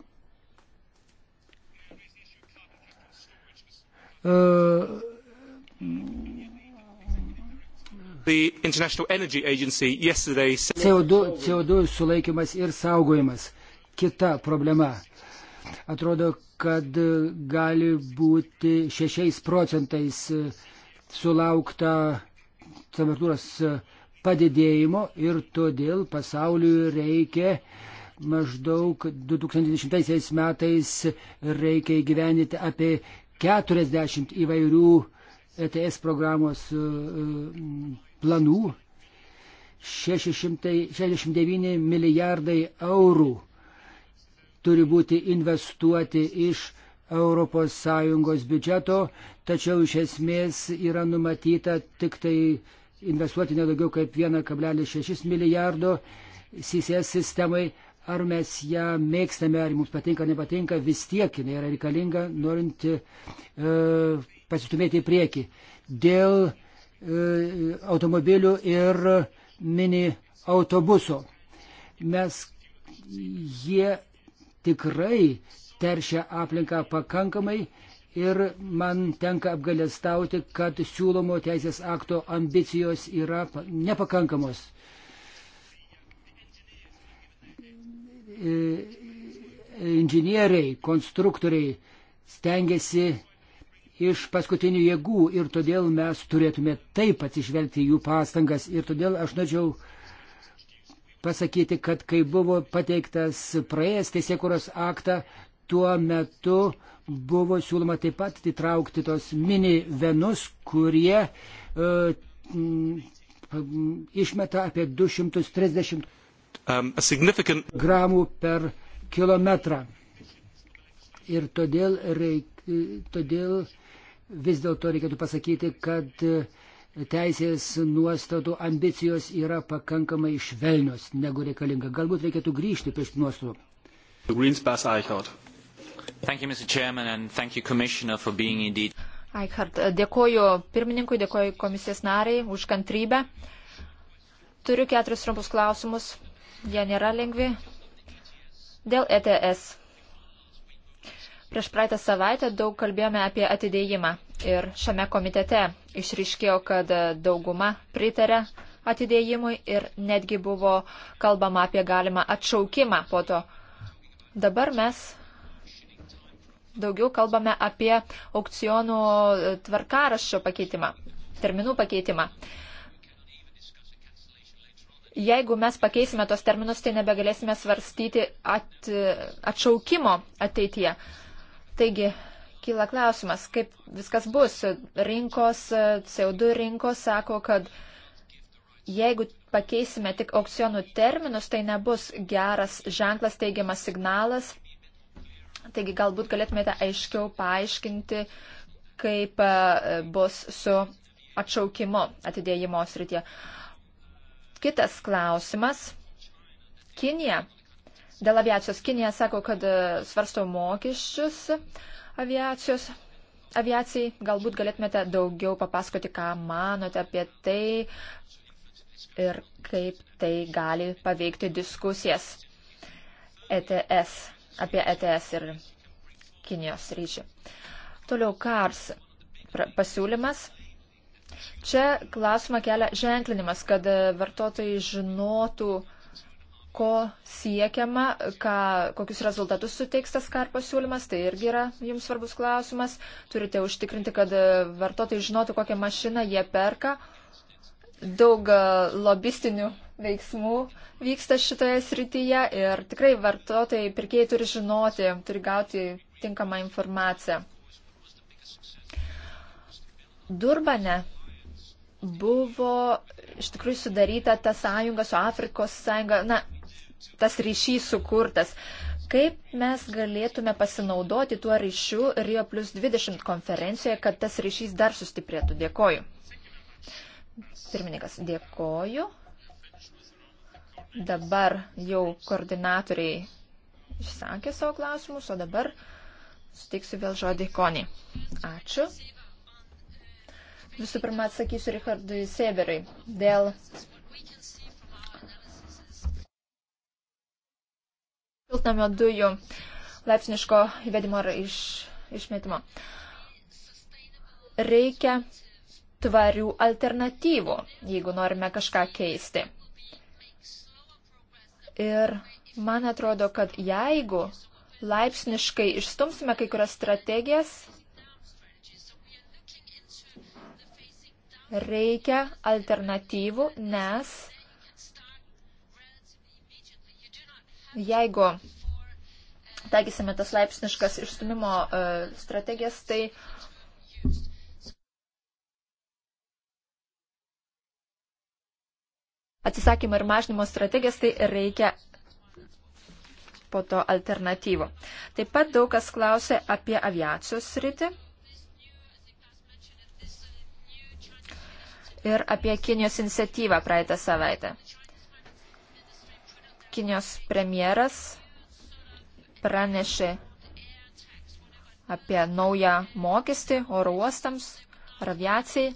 [SPEAKER 1] CO2,
[SPEAKER 2] CO2 sulaikimas ir saugojimas. Kita problema. Atrodo, kad gali būti 6 procentais sulaukta temperatūros padidėjimo ir todėl pasauliui reikia maždaug 2020 metais reikia įgyvendinti apie 40 įvairių ETS programos e, e, planų, 669 milijardai eurų turi būti investuoti iš ES biudžeto, tačiau iš esmės yra numatyta tik tai investuoti nedaugiau kaip 1,6 milijardo CCS sistemai Ar mes ją mėgstame, ar mums patinka, ar nepatinka, vis tiek jinai yra reikalinga, norint e, pasitumėti į priekį. Dėl e, automobilių ir mini autobuso. Mes jie tikrai teršia aplinką pakankamai ir man tenka apgalėstauti, kad siūlomo teisės akto ambicijos yra nepakankamos. E, inžinieriai, konstruktoriai stengiasi iš paskutinių jėgų ir todėl mes turėtume taip atsižvelgti jų pastangas ir todėl aš norėčiau pasakyti, kad kai buvo pateiktas praėjęs teisėkuros aktą, tuo metu buvo siūloma taip pat įtraukti tos mini venus, kurie uh, e, išmeta apie 230
[SPEAKER 1] um, significant...
[SPEAKER 2] gramų per kilometrą. Ir todėl, reik, todėl vis dėlto reikėtų pasakyti, kad e, teisės nuostatų ambicijos yra pakankamai švelnios, negu reikalinga. Galbūt reikėtų grįžti prie šių nuostatų.
[SPEAKER 3] Aichard, e, dėkoju pirmininkui, dėkoju komisijos nariai už kantrybę. Turiu keturis trumpus klausimus jie nėra lengvi. Dėl ETS. Prieš praeitą savaitę daug kalbėjome apie atidėjimą ir šiame komitete išriškėjo, kad dauguma pritarė atidėjimui ir netgi buvo kalbama apie galimą atšaukimą po to. Dabar mes daugiau kalbame apie aukcionų tvarkaraščio pakeitimą, terminų pakeitimą jeigu mes pakeisime tos terminus, tai nebegalėsime svarstyti at, atšaukimo ateityje. Taigi, kyla klausimas, kaip viskas bus. Rinkos, CO2 rinkos sako, kad jeigu pakeisime tik aukcionų terminus, tai nebus geras ženklas, teigiamas signalas. Taigi galbūt galėtumėte aiškiau paaiškinti, kaip e, bus su atšaukimu atidėjimo srityje. Kitas klausimas. Kinija. Dėl aviacijos Kinija sako, kad e, svarsto mokesčius aviacijos. Aviacijai galbūt galėtumėte daugiau papasakoti, ką manote apie tai ir kaip tai gali paveikti diskusijas ETS, apie ETS ir Kinijos ryšį. Toliau Kars pasiūlymas Čia klausimą kelia ženklinimas, kad e, vartotojai žinotų, ko siekiama, ką, kokius rezultatus suteiks tas karpo siūlymas, tai irgi yra jums svarbus klausimas. Turite užtikrinti, kad e, vartotojai žinotų, kokią mašiną jie perka. Daug e, lobistinių veiksmų vyksta šitoje srityje ir tikrai vartotojai, pirkėjai turi žinoti, turi gauti tinkamą informaciją. Durbane buvo iš tikrųjų sudaryta ta sąjunga su Afrikos sąjunga, na, tas ryšys sukurtas. Kaip mes galėtume pasinaudoti tuo ryšiu Rio plus 20 konferencijoje, kad tas ryšys dar sustiprėtų? Dėkoju. Pirmininkas, dėkoju. Dabar jau koordinatoriai išsakė savo klausimus, o dabar suteiksiu vėl žodį Koniai. Ačiū. Visų pirma, atsakysiu Richardui Seberai dėl šiltnamio dujų laipsniško įvedimo ar iš, išmetimo. Reikia tvarių alternatyvų, jeigu norime kažką keisti. Ir man atrodo, kad jeigu laipsniškai išstumsime kai kurias strategijas, Reikia alternatyvų, nes jeigu taikysime tas laipsniškas išstumimo e, strategijas, tai atsisakymą ir mažinimo strategijas, tai reikia po to alternatyvų. Taip pat daug kas klausė apie aviacijos sritį. ir apie Kinijos iniciatyvą praeitą savaitę. Kinijos premjeras pranešė apie naują mokestį oro uostams ar aviacijai.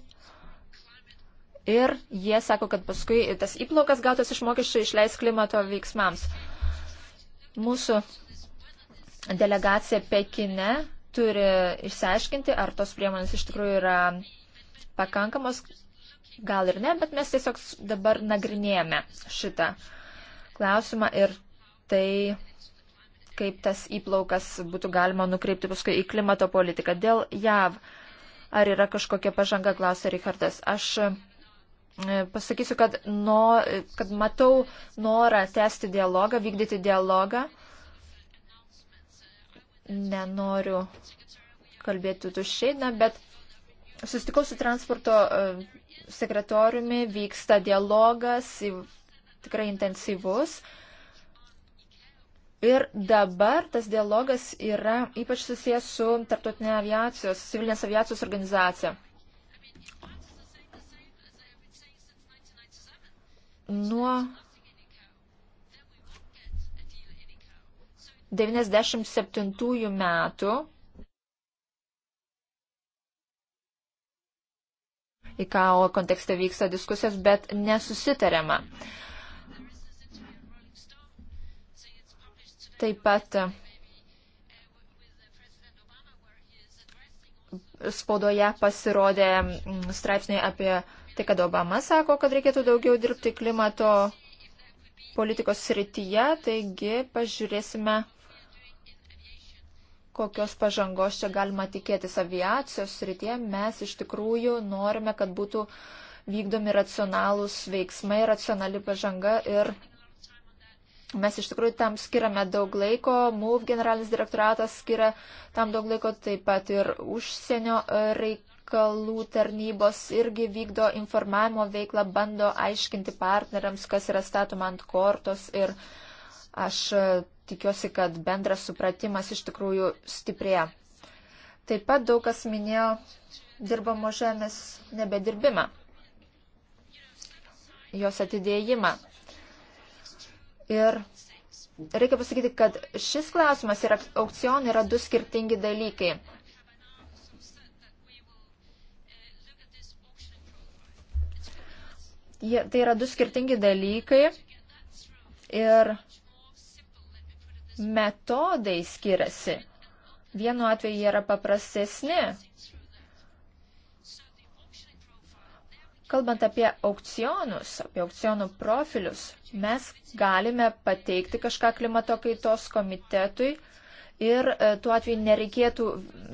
[SPEAKER 3] Ir jie sako, kad paskui tas įplaukas gautas iš mokesčių išleis klimato veiksmams. Mūsų delegacija Pekine turi išsiaiškinti, ar tos priemonės iš tikrųjų yra pakankamos gal ir ne, bet mes tiesiog dabar nagrinėjame šitą klausimą ir tai, kaip tas įplaukas būtų galima nukreipti paskui į klimato politiką. Dėl JAV, ar yra kažkokia pažanga, klausė Richardas. Aš e, pasakysiu, kad, no, e, kad matau norą tęsti dialogą, vykdyti dialogą. Nenoriu kalbėti tuščiai, na, bet Sustikau su transporto e, sekretoriumi, vyksta dialogas, tikrai intensyvus. Ir dabar tas dialogas yra ypač susijęs su tarptautinė aviacijos, civilinės aviacijos organizacija. Nuo 97 metų į ką kontekste vyksta diskusijos, bet nesusitariama. Taip pat spaudoje pasirodė mm, straipsniai apie tai, kad Obama sako, kad reikėtų daugiau dirbti klimato politikos srityje, taigi pažiūrėsime, kokios pažangos čia galima tikėtis aviacijos srityje. Mes iš tikrųjų norime, kad būtų vykdomi racionalūs veiksmai, racionali pažanga ir mes iš tikrųjų tam skiriame daug laiko, MUV generalinis direktoratas skiria tam daug laiko, taip pat ir užsienio reikalų tarnybos irgi vykdo informavimo veiklą, bando aiškinti partneriams, kas yra statoma ant kortos ir aš tikiuosi, kad bendras supratimas iš tikrųjų stiprėja. Taip pat daug kas minėjo dirbamo žemės nebedirbimą, jos atidėjimą. Ir reikia pasakyti, kad šis klausimas ir aukcionai yra du skirtingi dalykai. Jie, tai yra du skirtingi dalykai ir metodai skiriasi. Vienu atveju jie yra paprastesni. Kalbant apie aukcionus, apie aukcionų profilius, mes galime pateikti kažką klimato kaitos komitetui ir e, tuo atveju nereikėtų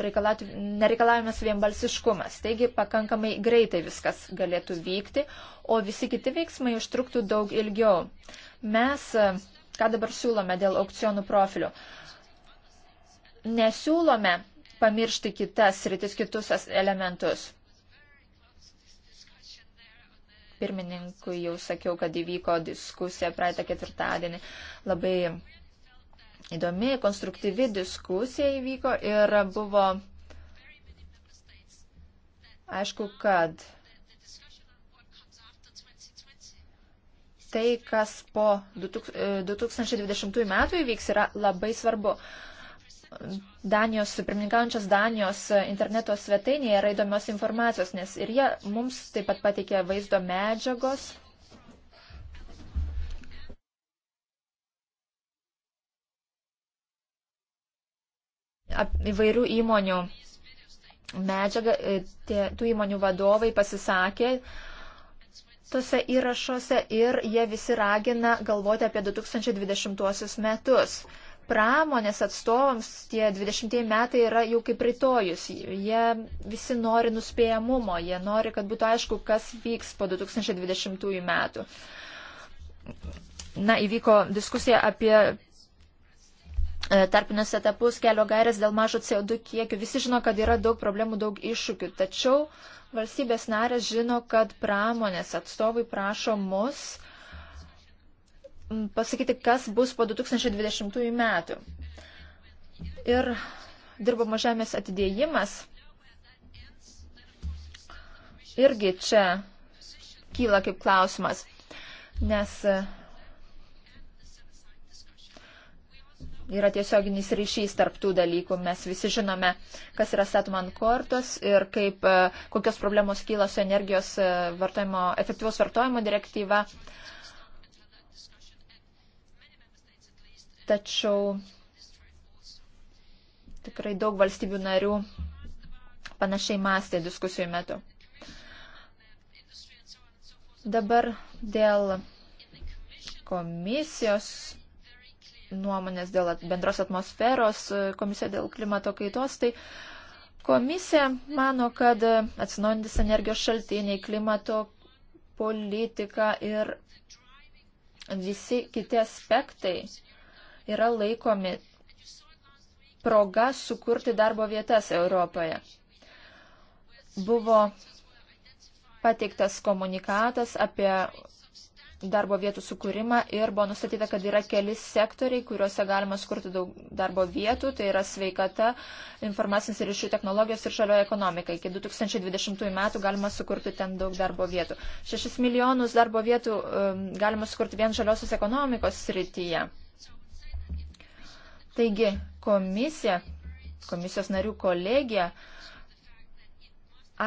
[SPEAKER 3] nereikalavimas vienbalsiškumas. Taigi pakankamai greitai viskas galėtų vykti, o visi kiti veiksmai užtruktų daug ilgiau. Mes e, ką dabar siūlome dėl aukcionų profilių. Nesiūlome pamiršti kitas rytis, kitus elementus. Pirmininkui jau sakiau, kad įvyko diskusija praeitą ketvirtadienį. Labai įdomi, konstruktyvi diskusija įvyko ir buvo aišku, kad tai, kas po 2020 e, metų įvyks, yra labai svarbu. Danijos, pirmininkaujančios Danijos interneto svetainėje yra įdomios informacijos, nes ir jie mums taip pat pateikė vaizdo medžiagos. įvairių įmonių medžiagą, e, tie, tų įmonių vadovai pasisakė, uh, tose įrašuose ir jie visi ragina galvoti apie 2020 metus. Pramonės atstovams tie 20 metai yra jau kaip rytojus. Jie visi nori nuspėjamumo, jie nori, kad būtų aišku, kas vyks po 2020 metų. Na, įvyko diskusija apie E, tarpinius etapus, kelio gairės dėl mažo CO2 kiekio. Visi žino, kad yra daug problemų, daug iššūkių. Tačiau valstybės narės žino, kad pramonės atstovai prašo mus pasakyti, kas bus po 2020 metų. Ir dirbamo žemės atidėjimas irgi čia kyla kaip klausimas, nes yra tiesioginis ryšys tarptų dalykų. Mes visi žinome, kas yra statman kortos ir kaip, e, kokios problemos kyla su energijos e, vartojimo, efektyvus vartojimo direktyva. Tačiau tikrai daug valstybių narių panašiai mąstė diskusijų metu. Dabar dėl komisijos nuomonės dėl bendros atmosferos, e, komisija dėl klimato kaitos, tai komisija mano, kad e, atsinaujantis energijos šaltiniai, klimato politika ir visi kiti aspektai yra laikomi proga sukurti darbo vietas Europoje. Buvo pateiktas komunikatas apie darbo vietų sukūrimą ir buvo nustatyta, kad yra keli sektoriai, kuriuose galima skurti daug darbo vietų, tai yra sveikata, informacinis ryšių technologijos ir žalioja ekonomika. Iki 2020 metų galima sukurti ten daug darbo vietų. 6 milijonus darbo vietų um, galima sukurti vien žaliosios ekonomikos srityje. Taigi, komisija, komisijos narių kolegija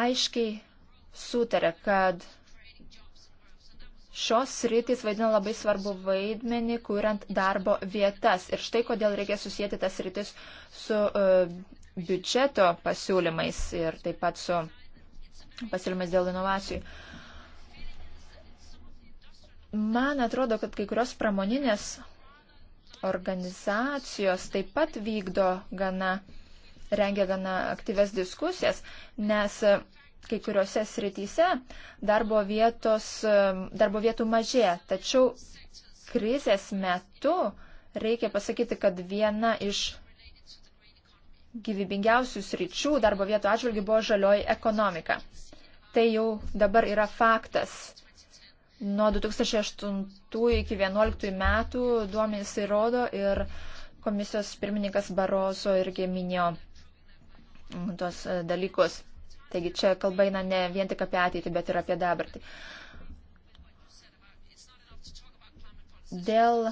[SPEAKER 3] aiškiai sutarė, kad Šios rytis vaidina labai svarbu vaidmenį, kuriant darbo vietas. Ir štai kodėl reikia susijęti tas rytis su uh, biudžeto pasiūlymais ir taip pat su pasiūlymais dėl inovacijų. Man atrodo, kad kai kurios pramoninės organizacijos taip pat vykdo gana, rengia gana aktyves diskusijas, nes uh, kai kuriuose srityse darbo, vietos, darbo vietų mažėja. Tačiau krizės metu reikia pasakyti, kad viena iš gyvybingiausių sričių darbo vietų atžvilgių buvo žalioji ekonomika. Tai jau dabar yra faktas. Nuo 2008 iki 2011 metų duomenys įrodo tai ir komisijos pirmininkas Baroso irgi minėjo tos dalykus. Taigi čia kalba eina ne vien tik apie ateitį, bet ir apie dabartį. Dėl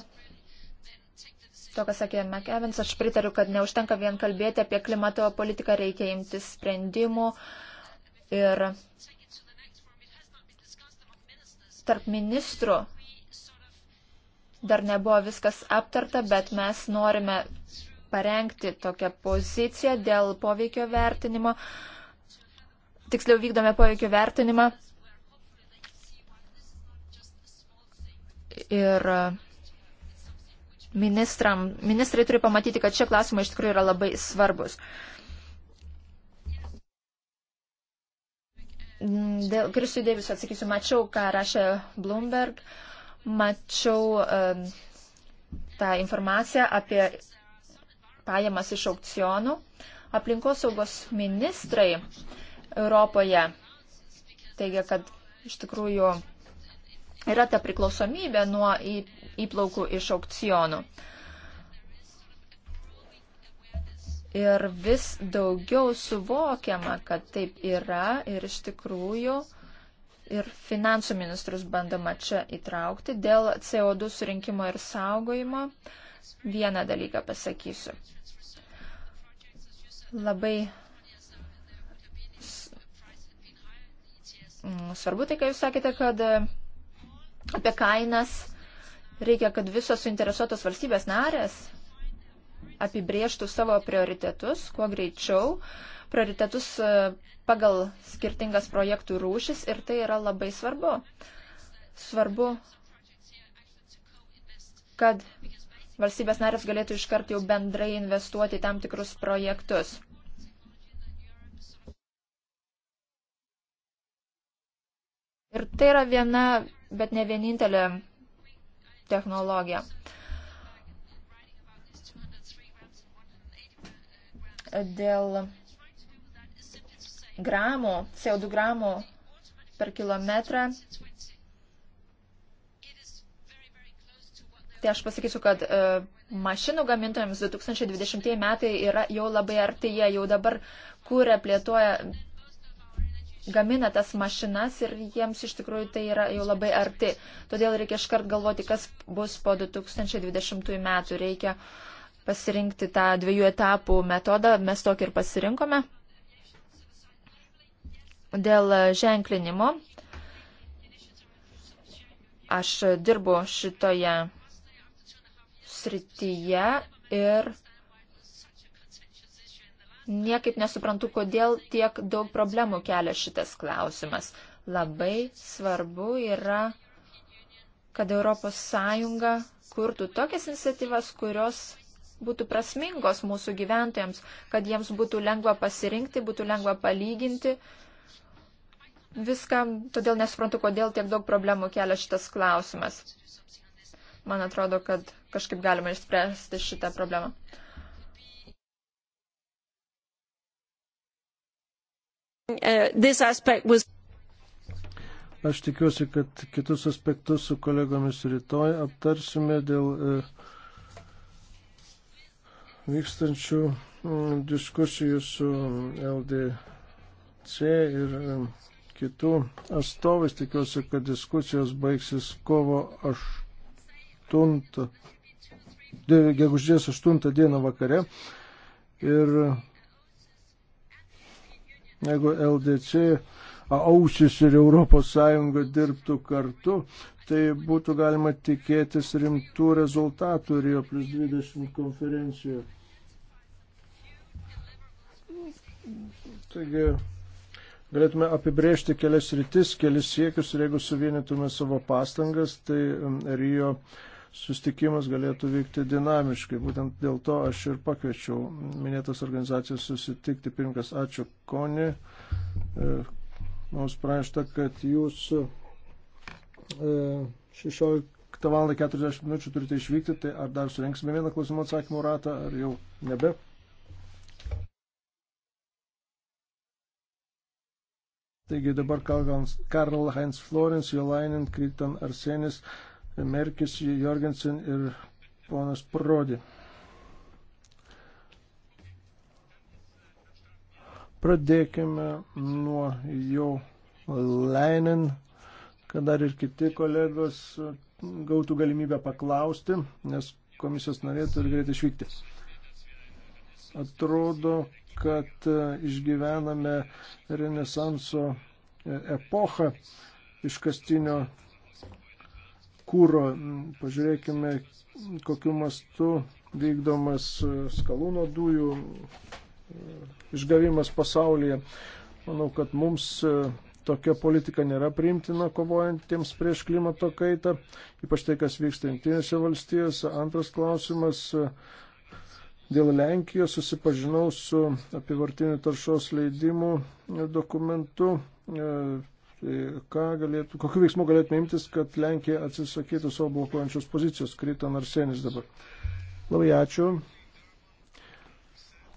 [SPEAKER 3] to, ką sakė McEvans, aš pritariu, kad neužtenka vien kalbėti apie klimato politiką, reikia imtis sprendimų ir tarp ministrų dar nebuvo viskas aptarta, bet mes norime parengti tokią poziciją dėl poveikio vertinimo. Uh, tiksliau vykdome poveikio vertinimą. Ir ministram, ministrai turi pamatyti, kad šie klausimai iš tikrųjų yra labai svarbus. Dėl Krisui Deivis atsakysiu, mačiau, ką rašė Bloomberg, mačiau uh, tą informaciją apie pajamas iš aukcionų. Aplinkosaugos ministrai uh, Europoje. Teigia, kad iš tikrųjų yra ta priklausomybė nuo įplaukų iš aukcionų. Ir vis daugiau suvokiama, kad taip yra ir iš tikrųjų ir finansų ministrus bandoma čia įtraukti dėl CO2 surinkimo ir saugojimo. Vieną dalyką pasakysiu. Labai Mm, svarbu tai, ką jūs sakėte, kad e, apie kainas reikia, kad visos suinteresuotos valstybės narės apibrieštų savo prioritetus kuo greičiau, prioritetus e, pagal skirtingas projektų rūšis ir tai yra labai svarbu. Svarbu, kad valstybės narės galėtų iškart jau bendrai investuoti tam tikrus projektus. Ir tai yra viena, bet ne vienintelė technologija. Dėl gramų, CO2 gramų per kilometrą. Tai aš pasakysiu, kad e, mašinų gamintojams 2020 metai yra jau labai arti, jie jau dabar kūrė, plėtoja gamina tas mašinas ir jiems iš tikrųjų tai yra jau labai arti. Todėl reikia iškart galvoti, kas bus po 2020 metų. Reikia pasirinkti tą dviejų etapų metodą. Mes tokį ir pasirinkome. Dėl ženklinimo. Aš dirbu šitoje srityje ir Niekaip nesuprantu, kodėl tiek daug problemų kelia šitas klausimas. Labai svarbu yra, kad ES kurtų tokias iniciatyvas, kurios būtų prasmingos mūsų gyventojams, kad jiems būtų lengva pasirinkti, būtų lengva palyginti. Viską, todėl nesuprantu, kodėl tiek daug problemų kelia šitas klausimas. Man atrodo, kad kažkaip galima išspręsti šitą problemą. Uh, was...
[SPEAKER 4] Aš tikiuosi, kad kitus aspektus su kolegomis rytoj aptarsime dėl uh, vykstančių mm, diskusijų su LDC ir um, kitų atstovais. Tikiuosi, kad diskusijos baigsis kovo 8, gegužės 8 dieną vakare. Ir Jeigu LDC ausis ir ES dirbtų kartu, tai būtų galima tikėtis rimtų rezultatų Rio plus 20 konferencijoje. Taigi galėtume apibrėžti kelias rytis, kelias siekius ir jeigu suvienytume savo pastangas, tai Rio sustikimas galėtų vykti dinamiškai. Būtent dėl to aš ir pakviečiau minėtas organizacijas susitikti. Pirmkas, ačiū Koni. E, mums pranešta, kad jūs 16 val. 40 minučių turite išvykti, tai ar dar surinksime vieną klausimą atsakymų ratą, ar jau nebe? Taigi dabar Karl Heinz Florens, Jolainin, Kritan Arsenis. Merkis, Jorgensen ir ponas Prodi. Pradėkime nuo jau Lenin, kad dar ir kiti kolegos gautų galimybę paklausti, nes komisijos narė turi greitai išvykti. Atrodo, kad išgyvename renesanso epochą iškastinio kūro. Pažiūrėkime, kokiu mastu vykdomas e, skalūno dujų e, išgavimas pasaulyje. Manau, kad mums e, tokia politika nėra priimtina kovojantiems prieš klimato kaitą, ypač tai, kas vyksta Junktinėse valstijose. Antras klausimas. Dėl Lenkijos susipažinau su apivartinių taršos leidimų dokumentu. E, ką galėtų, kokiu veiksmu galėtume imtis, kad Lenkija atsisakytų savo blokuojančios pozicijos? Kryta Narsenis dabar. Labai ačiū.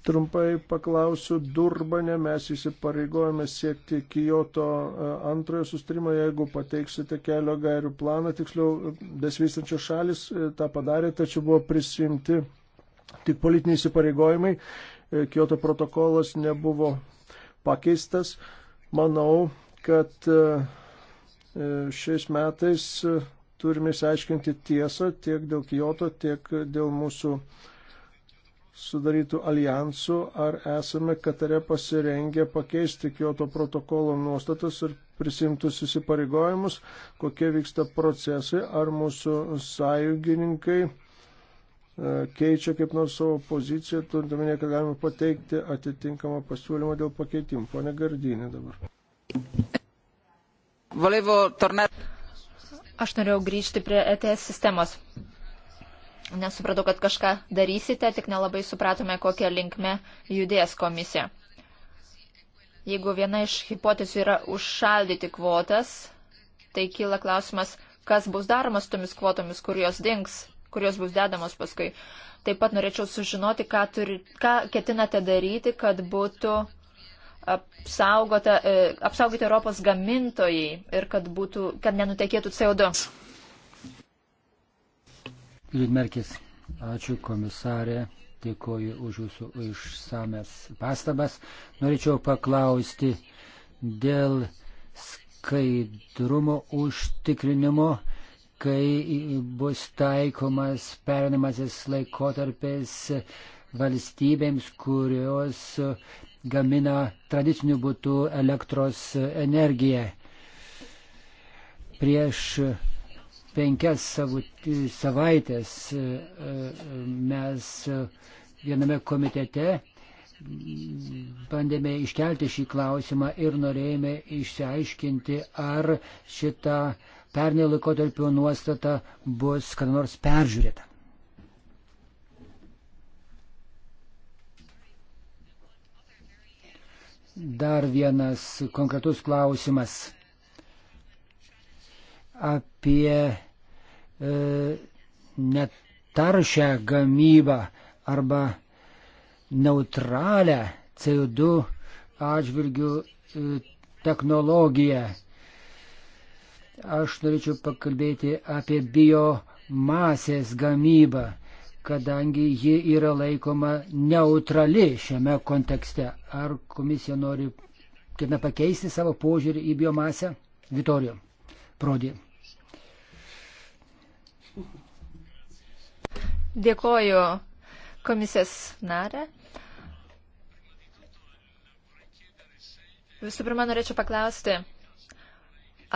[SPEAKER 4] Trumpai paklausiu, Durbane mes įsipareigojame siekti Kijoto e, antrojo sustarimo, jeigu pateiksite kelio gairių planą, tiksliau, besivystančios šalis e, tą padarė, tačiau buvo prisimti tik politiniai įsipareigojimai, Kijoto protokolas nebuvo pakeistas. Manau, kad e, e, šiais metais e, turime išsiaiškinti tiesą tiek dėl Kyoto, tiek dėl mūsų sudarytų alijansų, ar esame Katare pasirengę pakeisti Kyoto protokolo nuostatas ir prisimtus įsipareigojimus, kokie vyksta procesai, ar mūsų sąjungininkai keičia kaip nors savo poziciją, turintame, kad galime pateikti atitinkamą pasiūlymą dėl pakeitimų. Pone Gardinė dabar.
[SPEAKER 3] Aš norėjau grįžti prie ETS sistemos. Nesupratau, kad kažką darysite, tik nelabai supratome, kokią linkmę judės komisija. Jeigu viena iš hipotezių yra užšaldyti kvotas, tai kyla klausimas, kas bus daromas tomis kvotomis, kurios dings, kurios bus dedamos paskui. Taip pat norėčiau sužinoti, ką, turi, ką ketinate daryti, kad būtų apsaugota, e, apsaugoti Europos gamintojai ir kad, būtų, kad nenutekėtų CO2.
[SPEAKER 2] Liudmerkis, ačiū komisarė, dėkoju už jūsų išsames pastabas. Norėčiau paklausti dėl skaidrumo užtikrinimo, kai bus taikomas perinamasis laikotarpis valstybėms, kurios gamina tradiciniu būtų elektros energiją. Prieš penkias savaitės e, e, mes viename komitete bandėme iškelti šį klausimą ir norėjome išsiaiškinti, ar šita pernai laikotarpio nuostata bus kada nors peržiūrėta. Dar vienas konkretus klausimas apie e, netaršę gamybą arba neutralią CO2 atžvilgių e, technologiją. Aš norėčiau pakalbėti apie biomasės gamybą kadangi ji yra laikoma neutrali šiame kontekste. Ar komisija nori ketina pakeisti savo požiūrį į biomasę? Vitorijo, Prodė.
[SPEAKER 3] Dėkoju komisijos narę. Visų pirma, norėčiau paklausti,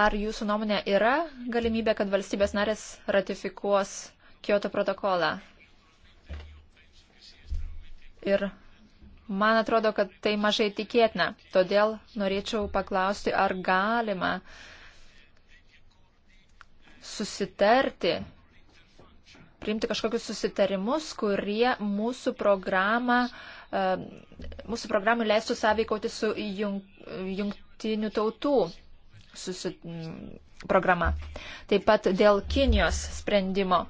[SPEAKER 3] ar jūsų nuomonė yra galimybė, kad valstybės narės ratifikuos Kyoto protokolą? Ir man atrodo, kad tai mažai tikėtina. Todėl norėčiau paklausti, ar galima susitarti, priimti kažkokius susitarimus, kurie mūsų programą, mūsų programą leistų sąveikauti su jung, jungtinių tautų susi, programa. Taip pat dėl Kinijos sprendimo.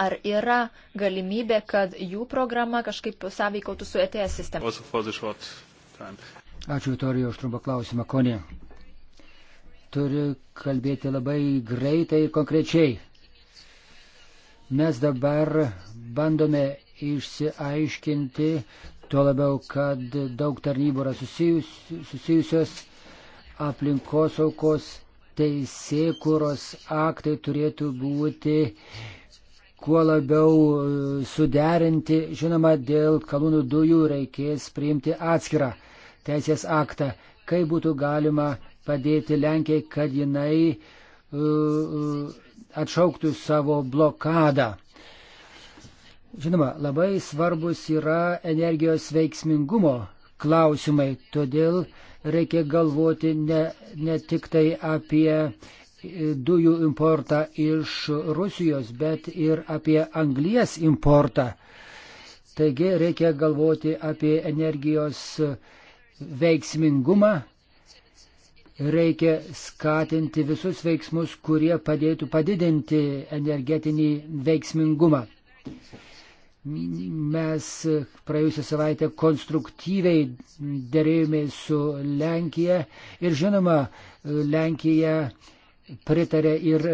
[SPEAKER 3] Ar yra galimybė, kad jų programa kažkaip sąveikautų su ETS sistema?
[SPEAKER 2] Ačiū, Vitorija, už trumpą klausimą. Konė, turiu kalbėti labai greitai ir konkrečiai. Mes dabar bandome išsiaiškinti, tuo labiau, kad daug tarnybų yra susijus, susijusios aplinkosaukos teisėkuros aktai turėtų būti kuo labiau e, suderinti. Žinoma, dėl kalūnų dujų reikės priimti atskirą teisės aktą, kaip būtų galima padėti Lenkijai, kad jinai uh, atšauktų savo blokadą. Žinoma, labai svarbus yra energijos veiksmingumo klausimai, todėl reikia galvoti ne, ne tik tai apie uh, dujų importą iš Rusijos, bet ir apie anglies importą. Taigi reikia galvoti apie energijos veiksmingumą, reikia skatinti visus veiksmus, kurie padėtų padidinti energetinį veiksmingumą. Mes praėjusią savaitę konstruktyviai dėrėjomės su Lenkija ir žinoma, Lenkija pritarė ir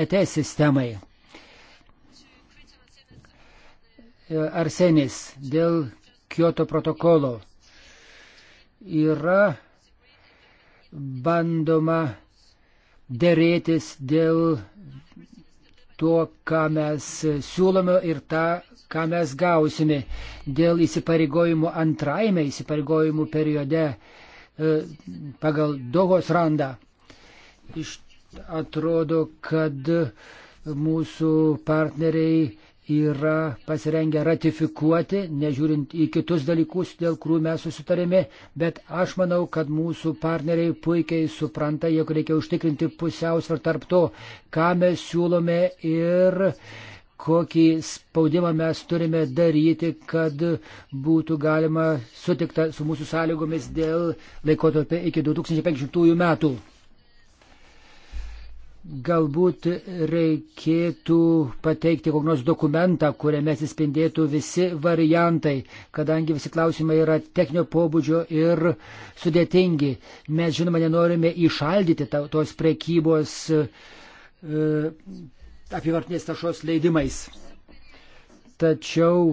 [SPEAKER 2] ET e sistemai. E, Arsenis dėl Kyoto protokolo yra bandoma dėrėtis dėl to, ką mes siūlome ir tą, ką mes gausime dėl įsipareigojimų antraime įsipareigojimų periode e, pagal Dogos randą. Iš atrodo, kad mūsų partneriai yra pasirengę ratifikuoti, nežiūrint į kitus dalykus, dėl kurių mes susitarėme, bet aš manau, kad mūsų partneriai puikiai supranta, jog reikia užtikrinti pusiausvę tarp to, ką mes siūlome ir kokį spaudimą mes turime daryti, kad būtų galima sutikta su mūsų sąlygomis dėl laikotarpio iki 2050 metų. Galbūt reikėtų pateikti kokį nors dokumentą, kuriame atsispindėtų visi variantai, kadangi visi klausimai yra techninio pobūdžio ir sudėtingi. Mes, žinoma, nenorime įšaldyti tos prekybos e, apivartinės tašos leidimais. Tačiau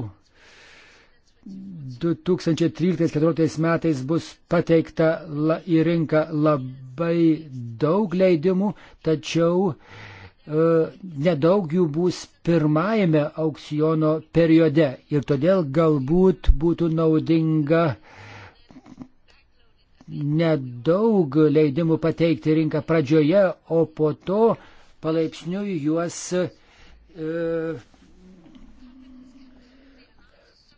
[SPEAKER 2] 2013-2014 metais bus pateikta la, į rinką labai daug leidimų, tačiau e, nedaug jų bus pirmajame aukciono periode ir todėl galbūt būtų naudinga nedaug leidimų pateikti rinką pradžioje, o po to palaipsniui juos e,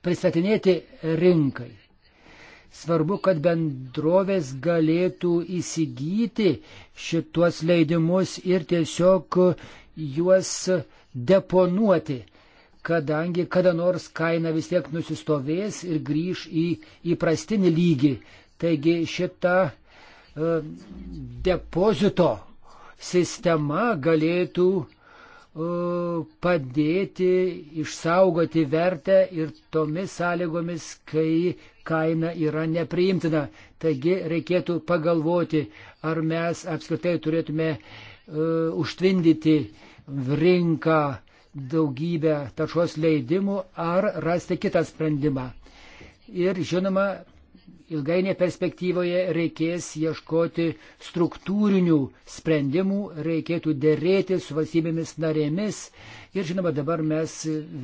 [SPEAKER 2] pristatinėti rinkai. Svarbu, kad bendrovės galėtų įsigyti šitos leidimus ir tiesiog juos deponuoti, kadangi kada nors kaina vis tiek nusistovės ir grįž į įprastinį lygį. Taigi šita uh, depozito sistema galėtų uh, E, padėti išsaugoti vertę ir tomis sąlygomis, kai kaina yra nepriimtina. Taigi reikėtų pagalvoti, ar mes apskritai turėtume uh, užtvindyti rinką daugybę taršos leidimų, ar rasti kitą sprendimą. Ir žinoma, ilgainė perspektyvoje reikės ieškoti struktūrinių sprendimų, reikėtų dėrėti su valstybėmis narėmis. Ir žinoma, dabar mes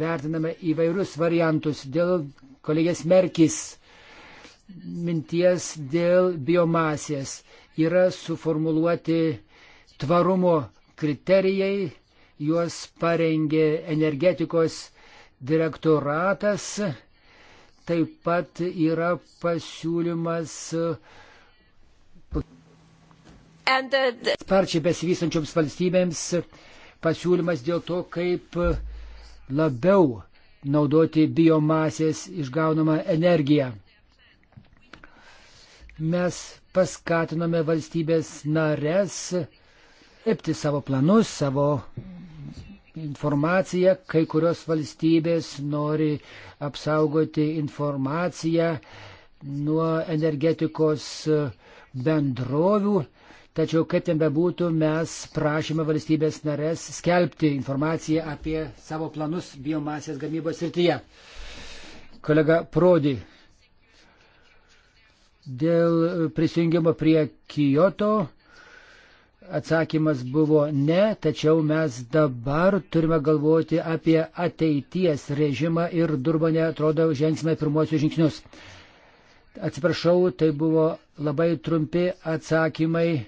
[SPEAKER 2] vertiname įvairius variantus dėl kolegės Merkis minties dėl biomasės. Yra suformuluoti tvarumo kriterijai, juos parengė energetikos direktoratas Taip pat yra pasiūlymas sparčiai besivystančioms valstybėms pasiūlymas dėl to, kaip labiau naudoti biomasės išgaunamą energiją. Mes paskatinome valstybės nares lepti savo planus, savo informaciją, kai kurios valstybės nori apsaugoti informaciją nuo energetikos e, bendrovių, tačiau kaip ten bebūtų, mes prašėme valstybės narės skelbti informaciją apie savo planus biomasės gamybos srityje. Kolega Prodi, dėl prisijungimo prie Kyoto atsakymas buvo ne, tačiau mes dabar turime galvoti apie ateities režimą ir Durbane, atrodo, žengsime pirmosius žingsnius. Atsiprašau, tai buvo labai trumpi atsakymai e,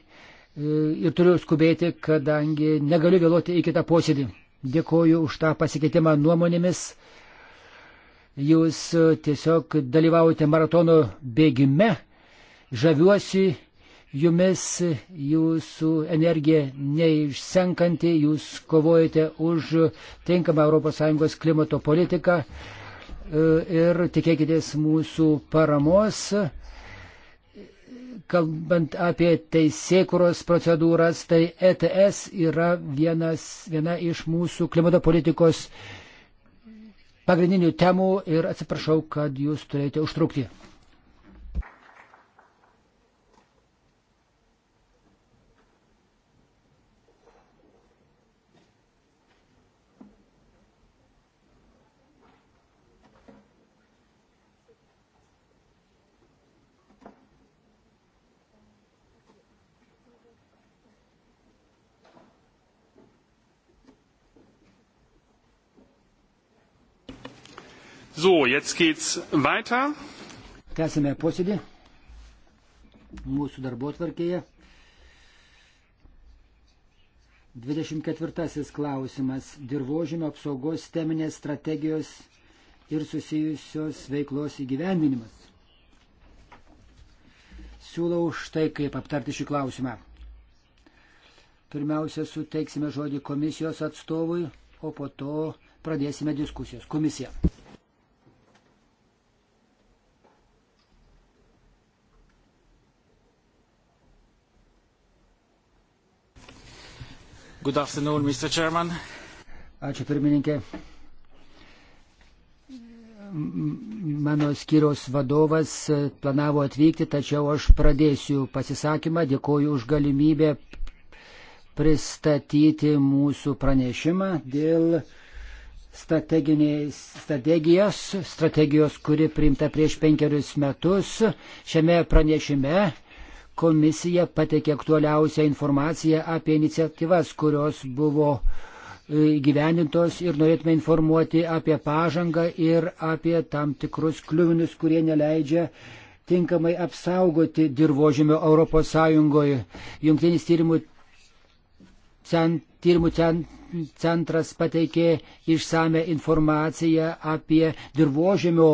[SPEAKER 2] ir turiu skubėti, kadangi negaliu vėluoti į kitą posėdį. Dėkoju už tą pasikeitimą nuomonėmis. Jūs tiesiog dalyvaujate maratono bėgime. Žaviuosi jumis, jūsų energija neišsenkanti, jūs kovojate už tinkamą ES klimato politiką e, ir tikėkitės mūsų paramos. Kalbant apie teisėkuros procedūras, tai ETS yra vienas, viena iš mūsų klimato politikos pagrindinių temų ir atsiprašau, kad jūs turėjote užtrukti.
[SPEAKER 1] So, jetzt geht's weiter.
[SPEAKER 2] Tęsime posėdį mūsų darbo tvarkėje. 24 klausimas. Dirbožėmio apsaugos teminės strategijos ir susijusios veiklos įgyvendinimas. Siūlau štai kaip aptarti šį klausimą. Pirmiausia, suteiksime žodį komisijos atstovui, o po to pradėsime diskusijas. Komisija. Good afternoon, Mr. Chairman. Ačiū pirmininkė. Mano skyriaus vadovas planavo atvykti, tačiau aš pradėsiu pasisakymą. Dėkoju už galimybę pristatyti mūsų pranešimą dėl strategijos, strategijos, kuri priimta prieš penkerius metus. Šiame pranešime Komisija pateikė aktualiausią informaciją apie iniciatyvas, kurios buvo e, gyvenintos ir norėtume informuoti apie pažangą ir apie tam tikrus kliuvinius, kurie neleidžia tinkamai apsaugoti dirbožėmio Europos Sąjungoje. Jungtinis tyrimų, cent, tyrimų cent, centras pateikė išsame informaciją apie dirbožėmio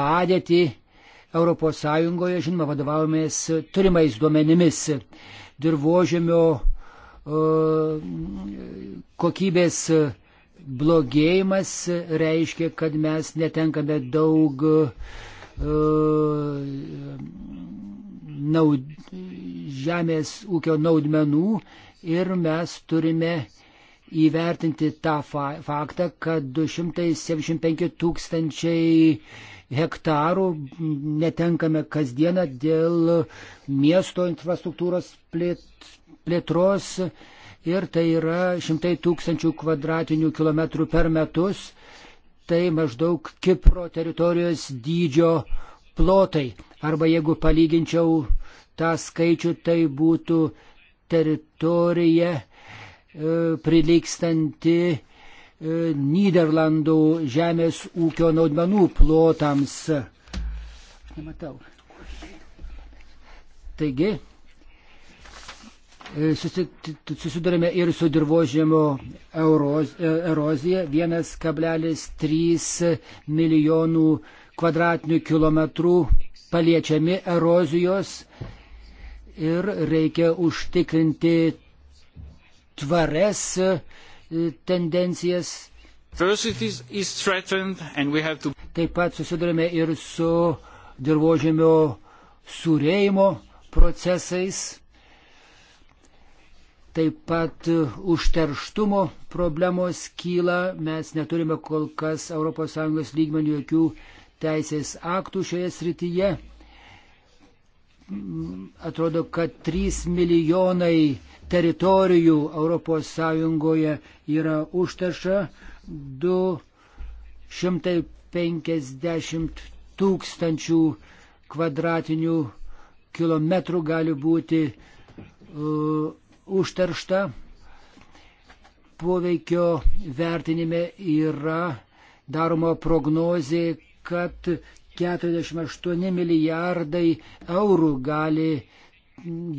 [SPEAKER 2] padėtį ES, žinoma, vadovavomės turimais duomenimis dirbožėmio e, kokybės blogėjimas reiškia, kad mes netenkame daug e, naud, žemės ūkio naudmenų ir mes turime įvertinti tą fa faktą, kad 275 tūkstančiai 000 hektarų netenkame kasdieną dėl miesto infrastruktūros plėtros ir tai yra šimtai tūkstančių kvadratinių kilometrų per metus, tai maždaug Kipro teritorijos dydžio plotai. Arba jeigu palyginčiau tą skaičių, tai būtų teritorija e, prilykstanti E, Niderlandų žemės ūkio naudmenų plotams. Aš nematau. Taigi, e, susidurime ir su dirbožėmio e, erozija 1,3 milijonų kvadratinių kilometrų paliečiami erozijos ir reikia užtikrinti tvarias E, tendencijas. To... Taip pat susidurime ir su dirbožėmio surėjimo procesais, taip pat e, užterštumo problemos kyla, mes neturime kol kas ES lygmenių jokių teisės aktų šioje srityje. Atrodo, kad 3 milijonai teritorijų ES yra užtaša 250 tūkstančių kvadratinių kilometrų gali būti uh, užteršta. Poveikio vertinime yra daroma prognozė, kad 48 milijardai eurų gali uh,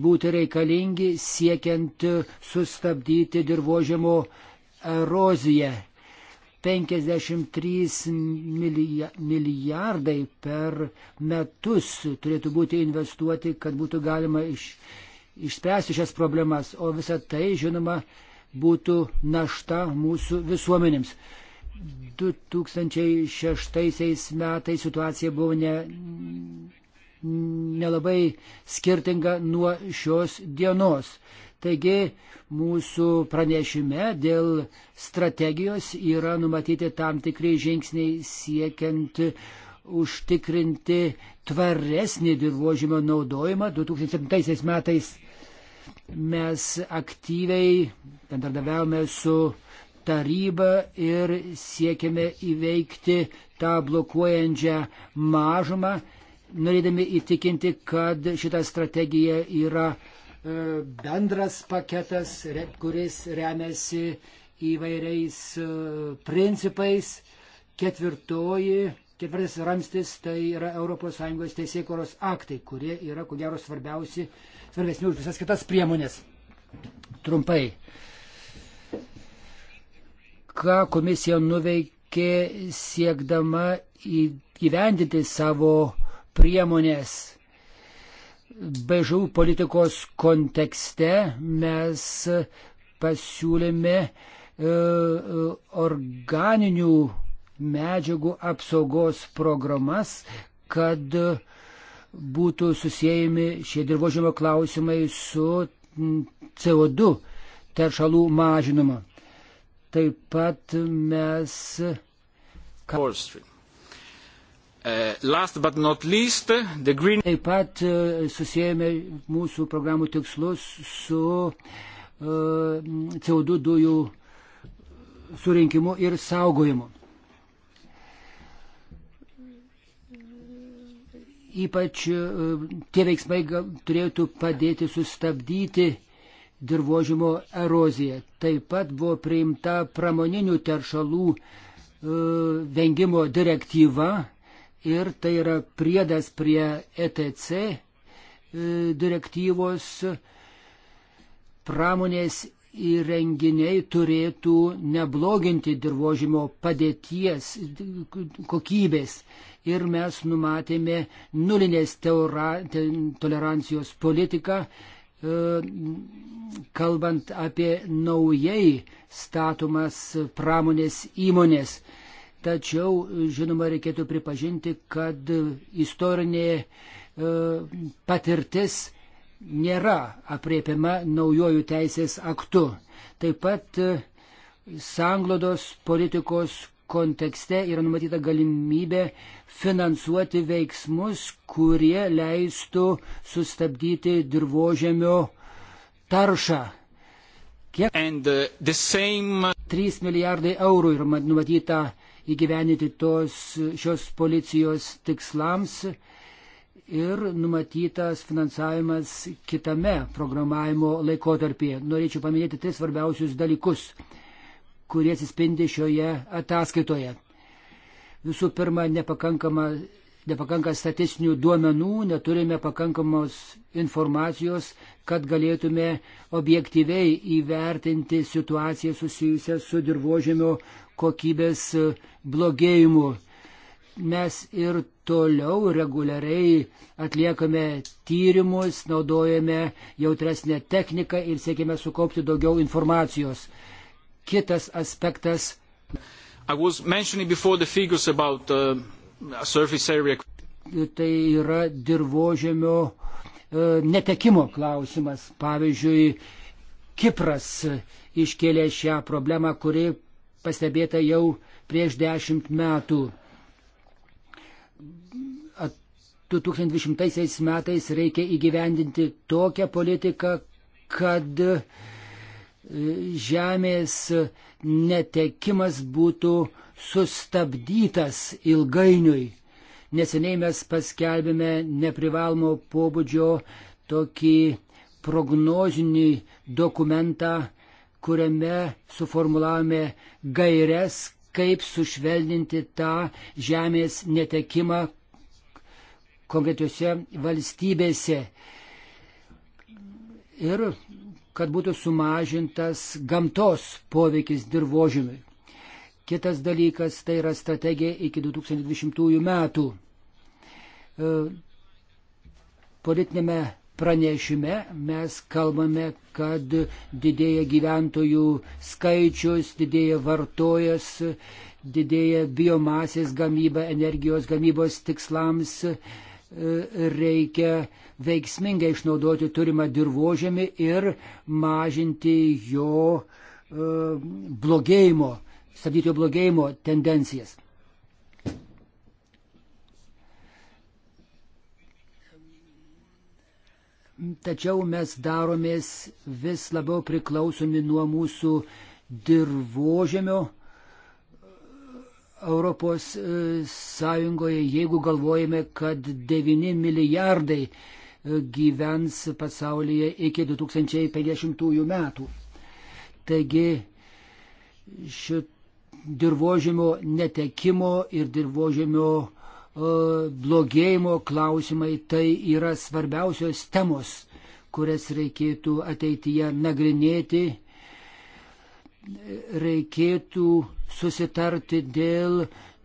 [SPEAKER 2] būti reikalingi siekiant sustabdyti dirbožėmo eroziją. 53 milijardai per metus turėtų būti investuoti, kad būtų galima iš, išspręsti šias problemas, o visa tai, žinoma, būtų našta mūsų visuomenėms. 2006 metais situacija buvo ne, nelabai skirtinga nuo šios dienos. Taigi mūsų pranešime dėl strategijos yra numatyti tam tikrai žingsniai siekiant užtikrinti tvaresnį dirbožymio naudojimą. 2007 metais mes aktyviai bendradavėjome su taryba ir siekėme įveikti tą blokuojančią mažumą norėdami įtikinti, kad šita strategija yra e, bendras paketas, kuris remiasi įvairiais e, principais. Ketvirtoji, ketvirtas ramstis tai yra ES teisėkoros aktai, kurie yra, ko gero, svarbiausi, svarbesni už visas kitas priemonės. Trumpai. Ką komisija nuveikė siekdama įgyvendinti savo priemonės. Bežų politikos kontekste mes pasiūlėme e, e, organinių medžiagų apsaugos programas, kad būtų susijęjami šie dirbožėmio klausimai su CO2 teršalų mažinimu. Taip pat mes. Ka...
[SPEAKER 1] Uh, least,
[SPEAKER 2] green... Taip pat uh, susijęme mūsų programų tikslus su uh, CO2 dujų surinkimu ir saugojimu. Ypač tie veiksmai turėtų padėti sustabdyti dirbožimo eroziją. Taip pat buvo priimta pramoninių teršalų vengimo direktyva ir tai yra priedas prie ETC e, direktyvos e, pramonės įrenginiai turėtų nebloginti dirbožimo padėties kokybės. Ir mes numatėme nulinės teora, tolerancijos politiką, e, kalbant apie naujai statomas pramonės įmonės. Tačiau, žinoma, reikėtų pripažinti, kad istorinė e, patirtis nėra apriepiama naujojų teisės aktu. Taip pat e, sanglodos politikos kontekste yra numatyta galimybė finansuoti veiksmus, kurie leistų sustabdyti dirbožėmio taršą. Kiek? Uh, same... 3 milijardai eurų yra numatyta įgyvenyti tos, šios policijos tikslams ir numatytas finansavimas kitame programavimo laikotarpyje. Norėčiau paminėti tris svarbiausius dalykus, kurie atsispindi šioje ataskaitoje. Visų pirma, nepakankama nepakanka statistinių duomenų, neturime pakankamos informacijos, kad galėtume objektyviai įvertinti situaciją susijusią su dirbožėmio kokybės blogėjimu. Mes ir toliau reguliariai atliekame tyrimus, naudojame jautresnę techniką ir siekime sukaupti daugiau informacijos. Kitas aspektas.
[SPEAKER 1] About, uh,
[SPEAKER 2] tai yra dirbožėmio e, netekimo klausimas. Pavyzdžiui, Kipras iškėlė šią problemą, kuri pastebėta jau prieš dešimt metų. 2020 metais reikia įgyvendinti tokią politiką, kad e, žemės netekimas būtų sustabdytas ilgainiui. Neseniai mes paskelbėme neprivalmo pobūdžio tokį prognozinį dokumentą kuriame suformulavome gairias, kaip sušvelninti tą žemės netekimą konkrečiose valstybėse. Ir kad būtų sumažintas gamtos poveikis dirbožymiui. Kitas dalykas tai yra strategija iki 2020 metų. E, politinėme pranešime mes kalbame, kad didėja gyventojų skaičius, didėja vartojas, didėja biomasės gamyba, energijos gamybos tikslams, e, reikia veiksmingai išnaudoti turimą dirbožėmį ir mažinti jo e, blogėjimo, stabdyti jo blogėjimo tendencijas. tačiau mes daromės vis labiau priklausomi nuo mūsų dirbožėmio Europos e, Sąjungoje, jeigu galvojame, kad 9 milijardai e, gyvens pasaulyje iki 2050 metų. Taigi šit dirbožėmio netekimo ir dirbožėmio blogėjimo klausimai tai yra svarbiausios temos, kurias reikėtų ateityje nagrinėti. Reikėtų susitarti dėl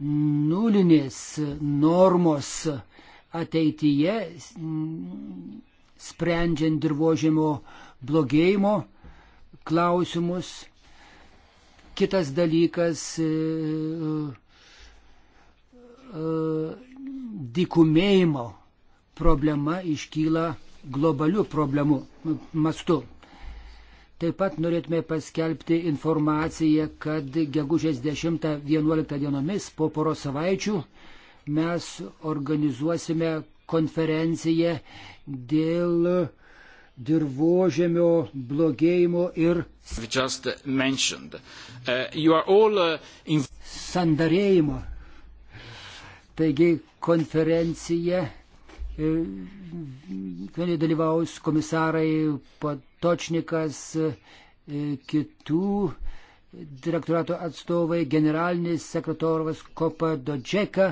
[SPEAKER 2] nulinės normos ateityje, sprendžiant dirbožėmo blogėjimo klausimus. Kitas dalykas E, dikumėjimo problema iškyla globalių problemų mastu. Taip pat norėtume paskelbti informaciją, kad gegužės 10-11 dienomis po poros savaičių mes organizuosime konferenciją dėl dirbožėmio blogėjimo ir
[SPEAKER 1] uh, uh,
[SPEAKER 2] sandarėjimo Taigi konferencija, e, kurioje dalyvaus komisarai Patočnikas, e, kitų direktorato atstovai, generalinis sekretorovas Kopa Dodžeka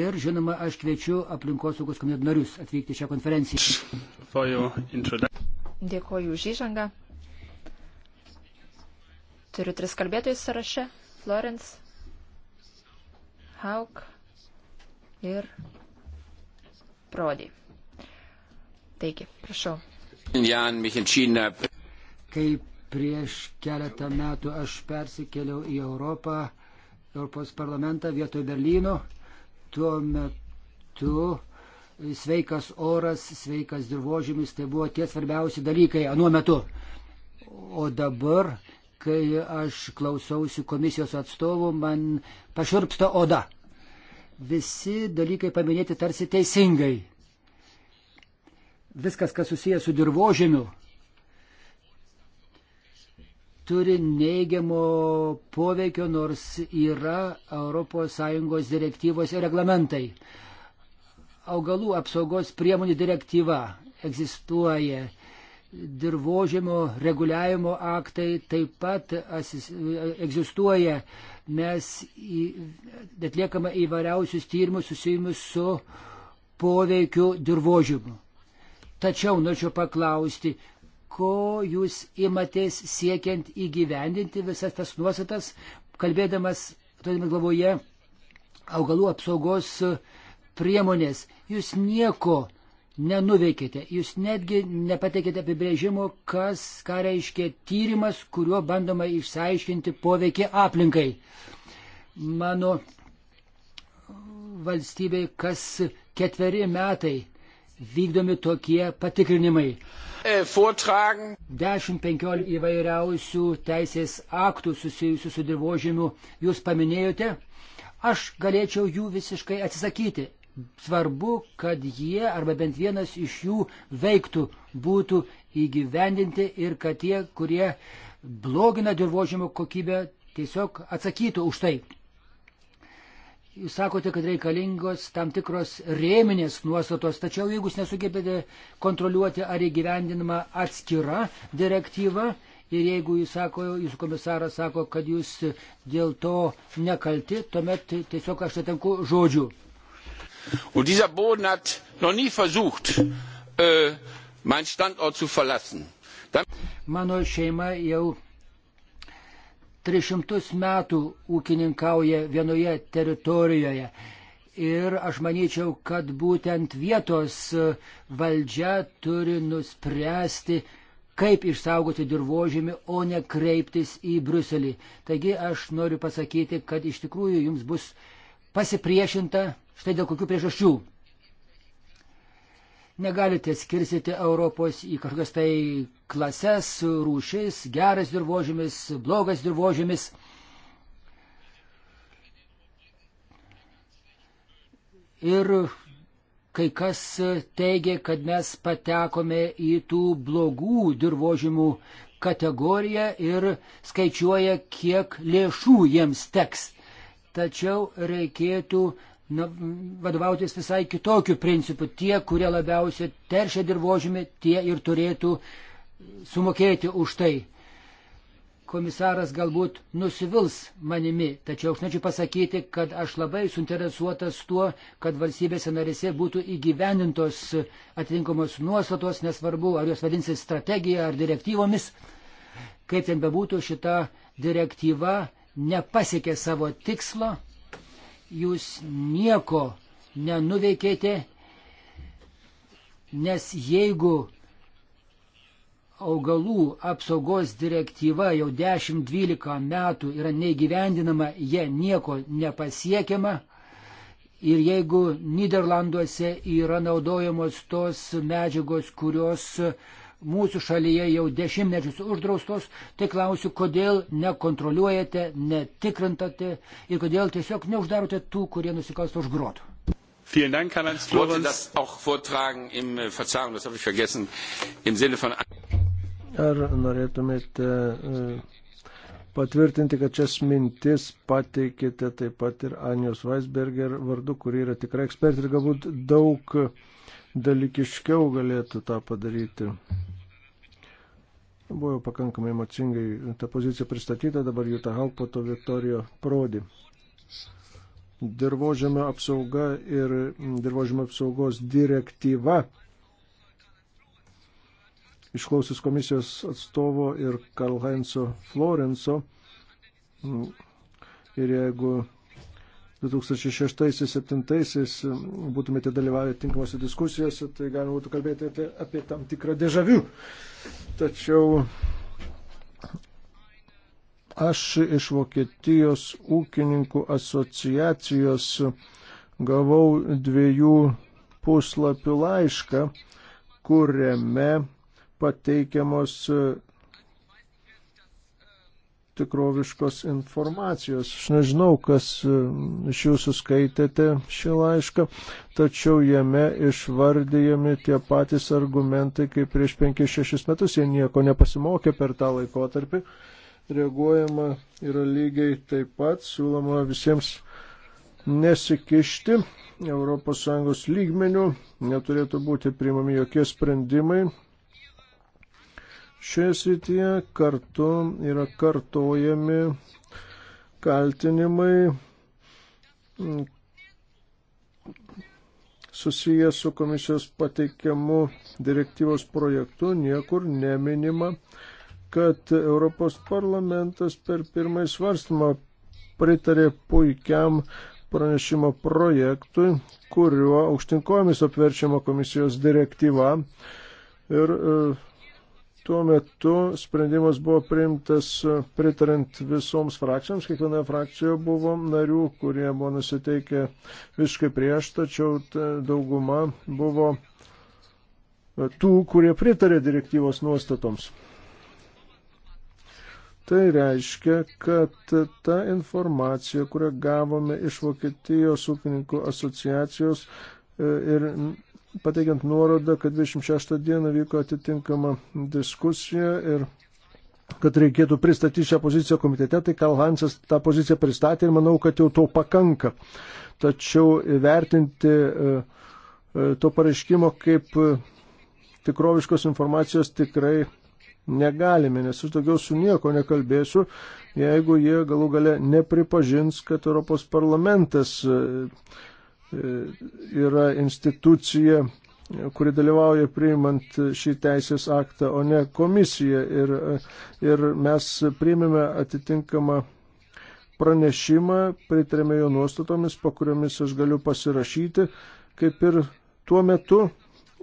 [SPEAKER 2] ir, žinoma, aš kviečiu aplinkosaugos komiteto narius atvykti šią konferenciją.
[SPEAKER 3] Dėkoju už įžangą. Turiu tris kalbėtojus sąraše. Florence, Hauk ir Prodi. Taigi, prašau. Kai
[SPEAKER 2] prieš keletą metų aš persikėliau į Europą, Europos parlamentą vietoj Berlyno, tuo metu sveikas oras, sveikas dirbožymis, tai buvo tie svarbiausi dalykai anuo metu. O dabar, kai aš klausausi komisijos atstovų, man pašurpsta oda visi dalykai paminėti tarsi teisingai. Viskas, kas susijęs su dirbožėmiu, turi neigiamo poveikio, nors yra ES direktyvos ir reglamentai. Augalų apsaugos priemonių direktyva egzistuoja, dirbožėmio reguliavimo aktai taip pat egzistuoja Mes į, atliekame įvairiausius tyrimus susijimus su poveikiu dirbožymu. Tačiau norėčiau paklausti, ko jūs imatės siekiant įgyvendinti visas tas nuostatas, kalbėdamas, turime galvoje, augalų apsaugos priemonės. Jūs nieko nenuveikėte. Jūs netgi nepateikėte apibrėžimo, kas, ką reiškia tyrimas, kuriuo bandoma išsiaiškinti poveikį aplinkai. Mano valstybei kas ketveri metai vykdomi tokie patikrinimai. 10-15 äh, įvairiausių teisės aktų susijusių su dirbožymiu jūs paminėjote. Aš galėčiau jų visiškai atsisakyti. Svarbu, kad jie arba bent vienas iš jų veiktų, būtų įgyvendinti ir kad tie, kurie blogina dirbožėmio kokybę, tiesiog atsakytų už tai. Jūs sakote, kad reikalingos tam tikros rėminės nuostatos, tačiau jeigu jūs nesugebėte kontroliuoti ar įgyvendinama atskira direktyva, Ir jeigu jūs sako, jūsų komisaras sako, kad jūs dėl to nekalti, tuomet tiesiog aš atenku žodžių.
[SPEAKER 1] Und dieser Boden hat noch nie versucht, äh, meinen Standort zu verlassen. Dann
[SPEAKER 2] Mano šeima jau 300 metų ūkininkauja vienoje teritorijoje. Ir aš manyčiau, kad būtent vietos e, valdžia turi nuspręsti, kaip išsaugoti dirbožėmį, o ne kreiptis į Bruselį. Taigi aš noriu pasakyti, kad iš tikrųjų jums bus uh, pasipriešinta štai dėl kokių priežasčių. Negalite skirsyti Europos į kažkokias tai klases, rūšis, geras dirbožymis, blogas dirbožymis. Ir kai kas teigia, kad mes patekome į tų blogų dirbožimų kategoriją ir skaičiuoja, kiek lėšų jiems teks tačiau reikėtų na, vadovautis visai kitokiu principu. Tie, kurie labiausiai teršia dirbožymį, tie ir turėtų sumokėti už tai. Komisaras galbūt nusivils manimi, tačiau aš norėčiau pasakyti, kad aš labai suinteresuotas tuo, kad valstybėse narėse būtų įgyvenintos atitinkamos nuostatos, nesvarbu, ar jos vadinsis strategija ar direktyvomis. Kaip ten bebūtų, šita direktyva nepasiekė savo tikslo, jūs nieko nenuveikėte, nes jeigu augalų apsaugos direktyva jau 10-12 metų yra neįgyvendinama, jie nieko nepasiekiama. Ir jeigu Niderlanduose yra naudojamos tos medžiagos, kurios uh, mūsų šalyje jau dešimtmečius uždraustos, tai klausiu, kodėl nekontroliuojate, netikrintate ir kodėl tiesiog neuždarote tų, kurie nusikalsta už grotų.
[SPEAKER 1] Vielen Dank, Karl-Heinz Florenz. Ich wollte das auch vortragen im äh, Verzeihung, das habe ich vergessen, im Sinne von.
[SPEAKER 4] Ar norėtumėte äh, patvirtinti, kad šias mintis pateikėte taip pat ir Anijos Weisberger vardu, kuri yra tikrai ekspertė ir galbūt daug dalykiškiau galėtų tą padaryti. Buvo jau pakankamai emocingai ta pozicija pristatyta, dabar Juta Halk, po to Viktorija Prodi. Dirbožėmio apsauga ir dirbožėmio apsaugos direktyva. Išklausius komisijos atstovo ir Karl Heinzo Florenco ir jeigu 2006-2007 e, būtumėte dalyvavę tinkamose diskusijose, tai galima būtų kalbėti apie, apie tam tikrą dėžavių. Tačiau aš iš Vokietijos ūkininkų asociacijos gavau dviejų puslapių laišką, kuriame pateikiamos tikroviškos informacijos. Aš nežinau, kas e, iš jūsų skaitėte šį laišką, tačiau jame išvardyjami tie patys argumentai, kaip prieš 5-6 metus jie nieko nepasimokė per tą laikotarpį. Reaguojama yra lygiai taip pat, siūloma visiems nesikišti. ES lygmenių neturėtų būti priimami jokie sprendimai, Šioje srityje kartu yra kartojami kaltinimai mm, susijęs su komisijos pateikiamu direktyvos projektu, niekur neminima, kad Europos parlamentas per pirmąjį svarstymą pritarė puikiam pranešimo projektui, kuriuo aukštinkojomis apverčiama komisijos direktyva ir e, Tuo metu sprendimas buvo priimtas pritarint visoms frakcijoms, kiekvienoje frakcijoje buvo narių, kurie buvo nusiteikę visiškai prieš, tačiau dauguma buvo e, tų, kurie pritarė direktyvos nuostatoms. Tai reiškia, kad ta informacija, kurią gavome iš Vokietijos ūkininkų asociacijos e, ir pateikiant nuorodą, kad 26 dieną vyko atitinkama diskusija ir kad reikėtų pristatyti šią poziciją komitete, tai Karl Hansas tą poziciją pristatė ir manau, kad jau to pakanka. Tačiau vertinti e, e, to pareiškimo kaip e, tikroviškos informacijos tikrai negalime, nes aš daugiau su nieko nekalbėsiu, jeigu jie galų gale nepripažins, kad Europos parlamentas yra institucija, kuri dalyvauja priimant šį teisės aktą, o ne komisija. Ir, ir mes priimėme atitinkamą pranešimą, pritarėme jo nuostatomis, po kuriomis aš galiu pasirašyti, kaip ir tuo metu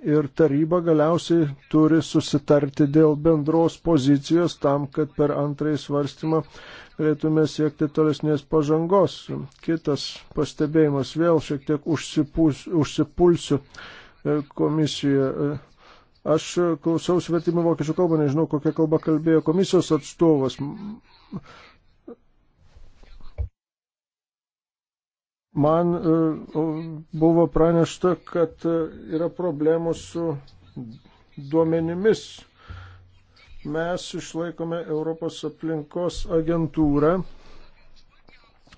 [SPEAKER 4] ir taryba galiausiai turi susitarti dėl bendros pozicijos tam, kad per antrąjį svarstymą galėtume siekti tolesnės pažangos. Kitas pastebėjimas vėl šiek tiek užsipūs, užsipulsiu e, komisijoje. Aš klausiau svetimą vokiečių kalbą, nežinau, kokią kalbą kalbėjo komisijos atstovas. Man e, buvo pranešta, kad e, yra problemų su duomenimis. Mes išlaikome Europos aplinkos agentūrą.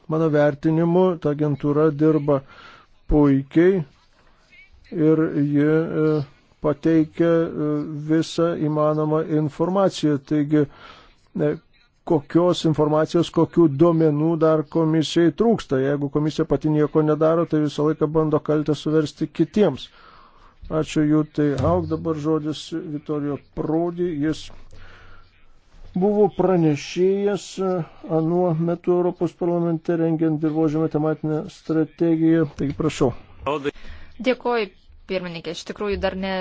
[SPEAKER 4] Mano vertinimu, ta agentūra dirba puikiai ir ji e, pateikia visą įmanomą informaciją. Taigi, kokios informacijos, kokių duomenų dar komisijai trūksta. Jeigu komisija pati nieko nedaro, tai visą laiką bando kaltę suversti kitiems. Ačiū jų, tai auk dabar žodis Vitorijo Prodi, jis buvo pranešėjas anuo metu Europos parlamente rengiant dirbožėmę tematinę strategiją. Taigi prašau.
[SPEAKER 3] Dėkoju, pirmininkė. Iš tikrųjų dar ne.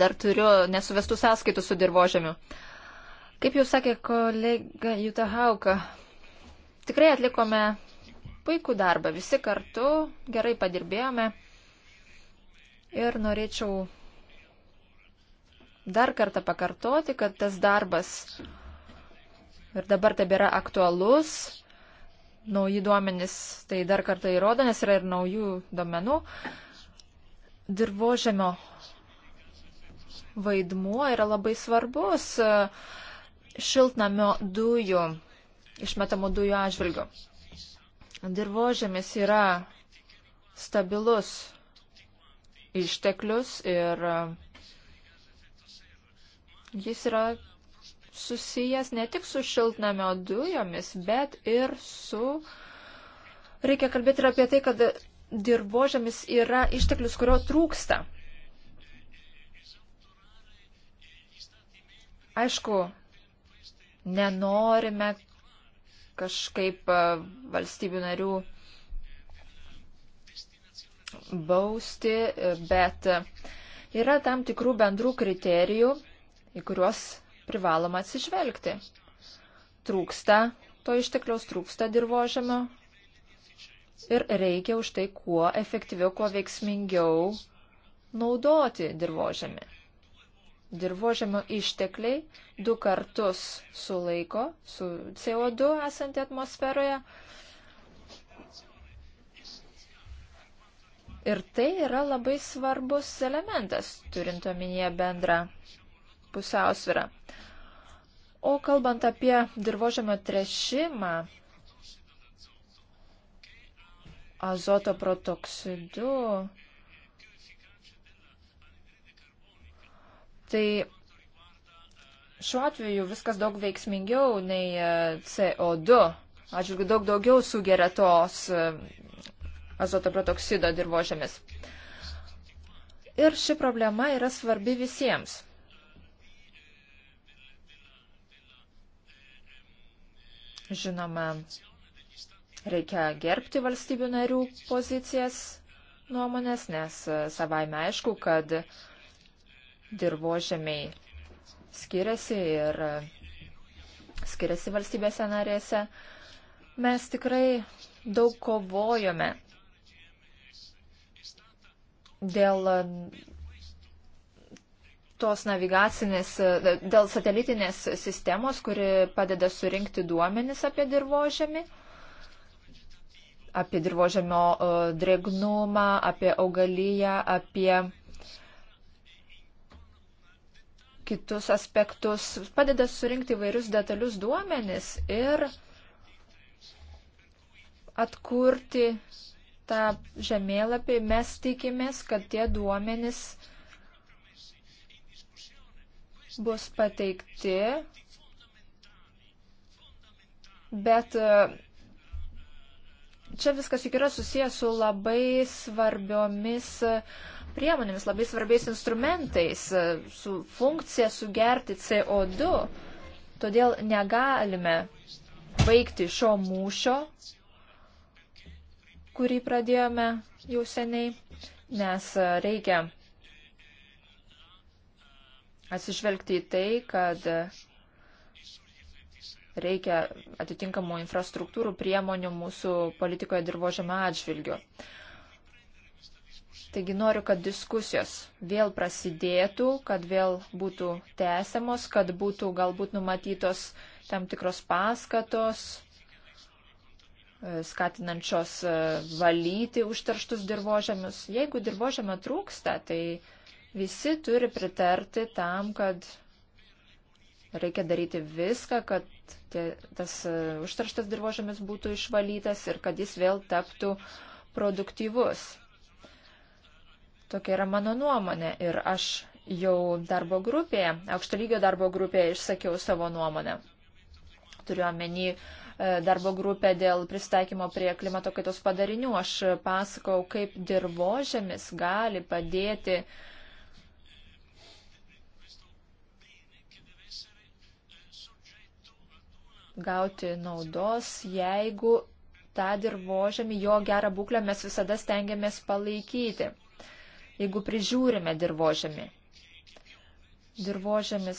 [SPEAKER 3] Dar turiu nesuvestų sąskaitų su dirbožėmiu. Uh, Kaip jau sakė kolega Juta Hauka, tikrai atlikome puikų darbą, visi kartu gerai padirbėjome ir norėčiau dar kartą pakartoti, kad tas darbas ir dabar tebėra aktualus, nauji duomenys tai dar kartą įrodo, nes yra ir naujų duomenų. Dirbožemio vaidmuo yra labai svarbus. Uh, šiltnamio dujų, išmetamų dujų atžvilgių. Dirbožėmis yra stabilus išteklius ir e, jis yra susijęs ne tik su šiltnamio dujomis, bet ir su. Reikia kalbėti ir apie tai, kad dirbožėmis yra išteklius, kurio trūksta. Aišku, Nenorime kažkaip e, valstybių narių bausti, e, bet yra tam tikrų bendrų kriterijų, į kuriuos privaloma atsižvelgti. Trūksta to ištekliaus, trūksta dirbožėmio ir reikia už tai kuo efektyviau, kuo veiksmingiau naudoti dirbožėmį dirbožėmio ištekliai du kartus sulaiko su CO2 esanti atmosferoje. Ir tai yra labai svarbus elementas, turint omenyje bendrą pusiausvyrą. O kalbant apie dirbožėmio trešimą, azoto protoksidu, Tai šiuo atveju viskas daug veiksmingiau nei e, CO2. Atžvilgiu daug daugiau sugeria tos e, azoto protoksido dirbožėmis. Ir ši problema yra svarbi visiems. Žinoma, reikia gerbti valstybių narių pozicijas nuomonės, nes e, savaime aišku, kad uh, dirbožemiai skiriasi ir skiriasi valstybėse narėse. Mes tikrai daug kovojome dėl tos navigacinės, dėl satelitinės sistemos, kuri padeda surinkti duomenis apie dirbožemį, apie dirbožemio drėgnumą, apie augalyją, apie kitus aspektus, padeda surinkti vairius detalius duomenis ir atkurti tą žemėlapį. Mes tikimės, kad tie duomenys bus pateikti, bet e, čia viskas juk yra susijęs su labai svarbiomis uh, priemonėmis, labai svarbiais instrumentais, e, su funkcija sugerti CO2. Todėl negalime baigti šio mūšio, kurį pradėjome jau seniai, nes e, reikia atsižvelgti į tai, kad e, reikia atitinkamų infrastruktūrų priemonių mūsų politikoje dirbožėme atžvilgiu. Taigi noriu, kad diskusijos vėl prasidėtų, kad vėl būtų tęsiamos, kad būtų galbūt numatytos tam tikros paskatos, e, skatinančios e, valyti užterštus dirbožėmius. Jeigu dirbožėme trūksta, tai visi turi pritarti tam, kad reikia daryti viską, kad tie, tas e, užterštas dirbožėmis būtų išvalytas ir kad jis vėl taptų produktyvus. Tokia yra mano nuomonė ir aš jau darbo grupėje, aukšto lygio darbo grupėje išsakiau savo nuomonę. Turiu omeny e, darbo grupę dėl pristaikymo prie klimato kaitos padarinių. Aš pasakau, kaip dirbožėmis gali padėti gauti naudos, jeigu tą dirbožėmį, jo gerą būklę mes visada stengiamės palaikyti jeigu prižiūrime dirbožemį. Dirbožemis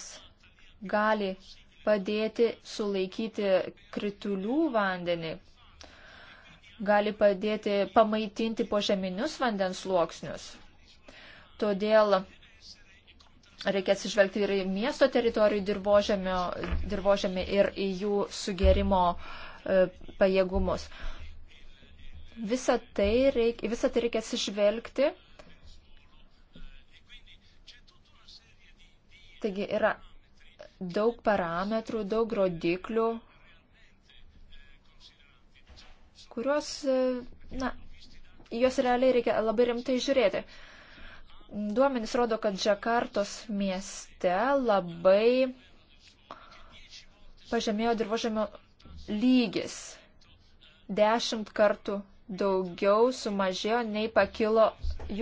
[SPEAKER 3] gali padėti sulaikyti kritulių vandenį, gali padėti pamaitinti požeminius vandens sluoksnius. Todėl reikia atsižvelgti ir į miesto teritorijų dirbožemį ir į jų sugerimo e, pajėgumus. Visą tai, reik, visą tai reikia atsižvelgti Taigi yra daug parametrų, daug rodiklių, kuriuos, na, juos realiai reikia labai rimtai žiūrėti. Duomenys rodo, kad Džakartos mieste labai pažemėjo dirbožėmio lygis. Dešimt kartų daugiau sumažėjo nei pakilo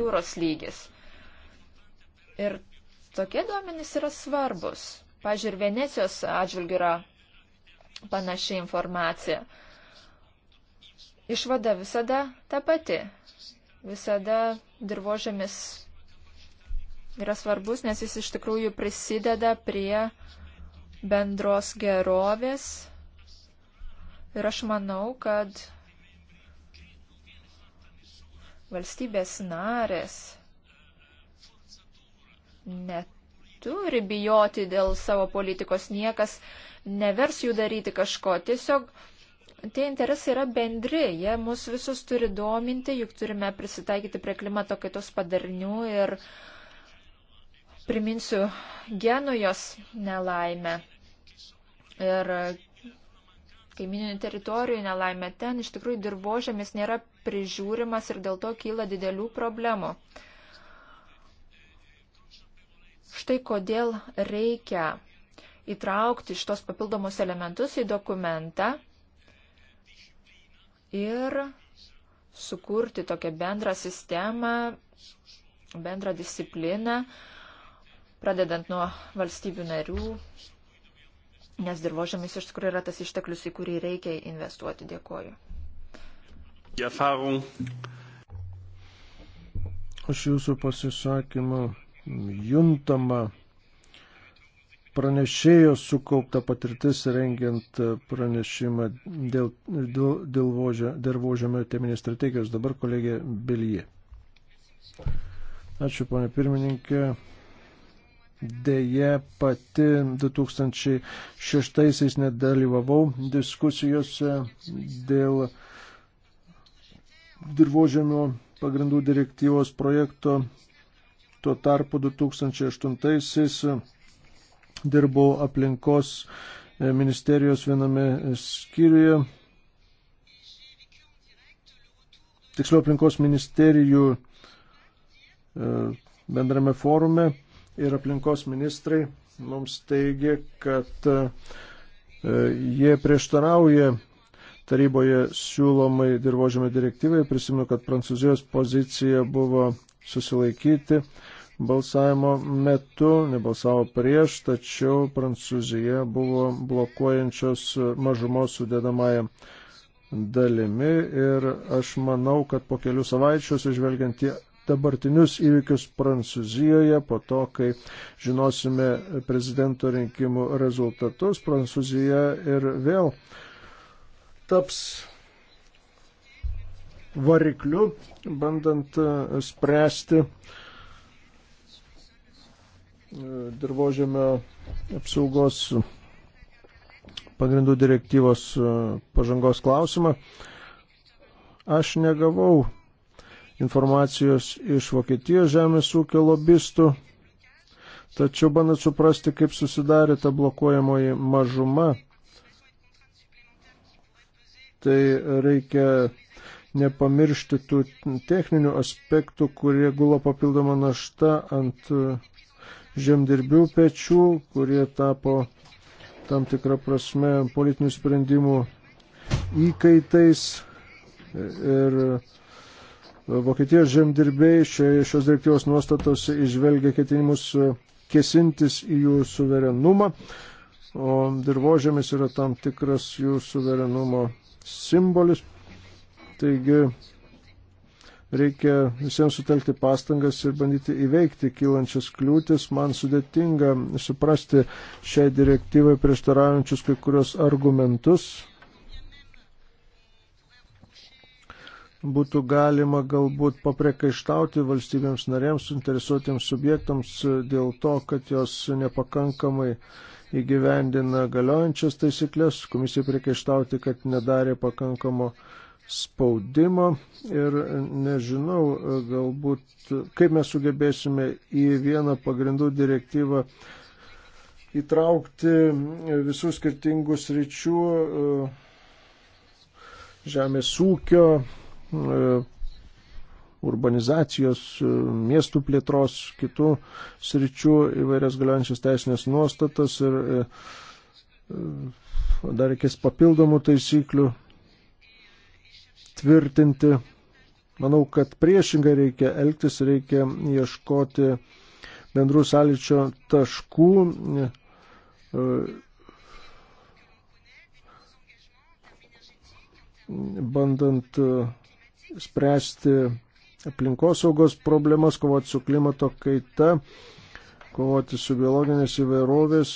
[SPEAKER 3] jūros lygis. Ir tokie duomenys yra svarbus. Pavyzdžiui, ir Venecijos atžvilgių yra panaši informacija. Išvada visada ta pati. Visada dirbožėmis yra svarbus, nes jis iš tikrųjų prisideda prie bendros gerovės. Ir aš manau, kad valstybės narės neturi bijoti dėl savo politikos, niekas nevers jų daryti kažko. Tiesiog tie interesai yra bendri, jie mus visus turi dominti, juk turime prisitaikyti prie klimato kaitos padarinių ir priminsiu Genujos nelaimę ir kaimininių teritorijų nelaimę. Ten iš tikrųjų dirbožėmis nėra prižiūrimas ir dėl to kyla didelių problemų. Štai kodėl reikia įtraukti šitos papildomus elementus į dokumentą ir sukurti tokią bendrą sistemą, bendrą discipliną, pradedant nuo valstybių narių, nes dirbožėmis iš tikrųjų yra tas išteklius, į kurį reikia investuoti. Dėkoju.
[SPEAKER 4] Aš jūsų pasisakymą juntama pranešėjo sukaupta patirtis rengiant pranešimą dėl, dėl, dėl vožio, dirbožėmio teminės strategijos. Dabar kolegė Belyje. Ačiū, ponė pirmininkė. Deja, pati 2006-aisiais nedalyvavau diskusijose dėl dirbožėmio pagrindų direktyvos projekto Tuo tarpu 2008-aisiais dirbau aplinkos e, ministerijos viename e, skyriuje. Tiksliau aplinkos ministerijų e, bendrame forume ir aplinkos ministrai mums teigia, kad jie prieštarauja taryboje siūlomai dirbožėmio direktyvai. Prisimenu, kad Prancūzijos pozicija buvo susilaikyti balsavimo metu, nebalsavo prieš, tačiau Prancūzija buvo blokuojančios mažumos sudėdamąją dalimi ir aš manau, kad po kelių savaičių, sužvelgiant į dabartinius įvykius Prancūzijoje, po to, kai žinosime prezidento rinkimų rezultatus, Prancūzija ir vėl taps varikliu, bandant e, spręsti e, dirbožėmio apsaugos pagrindų direktyvos e, pažangos klausimą. Aš negavau informacijos iš Vokietijos žemės ūkio lobistų, tačiau bandant suprasti, kaip susidarė ta blokuojamoji mažuma, tai reikia nepamiršti tų techninių aspektų, kurie gulo papildomą naštą ant e, žemdirbių pečių, kurie tapo tam tikrą prasme politinių sprendimų įkaitais ir e, Vokietijos žemdirbiai šioje šios direktyvos nuostatose išvelgia ketinimus e, kėsintis į jų suverenumą, o dirbožėmis yra tam tikras jų suverenumo simbolis. Taigi reikia visiems sutelkti pastangas ir bandyti įveikti kylančias kliūtis. Man sudėtinga suprasti šiai direktyvai prieštaraujančius kai kurios argumentus. Būtų galima galbūt papriekaištauti valstybėms narėms, suinteresuotiems subjektams dėl to, kad jos nepakankamai įgyvendina galiojančias taisyklės, komisija priekaištauti, kad nedarė pakankamo uh, spaudimo ir nežinau, galbūt kaip mes sugebėsime į vieną pagrindų direktyvą įtraukti visų skirtingų sričių e, žemės ūkio, e, urbanizacijos, e, miestų plėtros, kitų sričių įvairias galiojančias teisinės nuostatas ir dar reikės papildomų taisyklių tvirtinti. Manau, kad priešingai reikia elgtis, reikia ieškoti bendrų sąlyčio taškų. bandant spręsti aplinkosaugos problemas, kovoti su klimato kaita, kovoti su biologinės įvairovės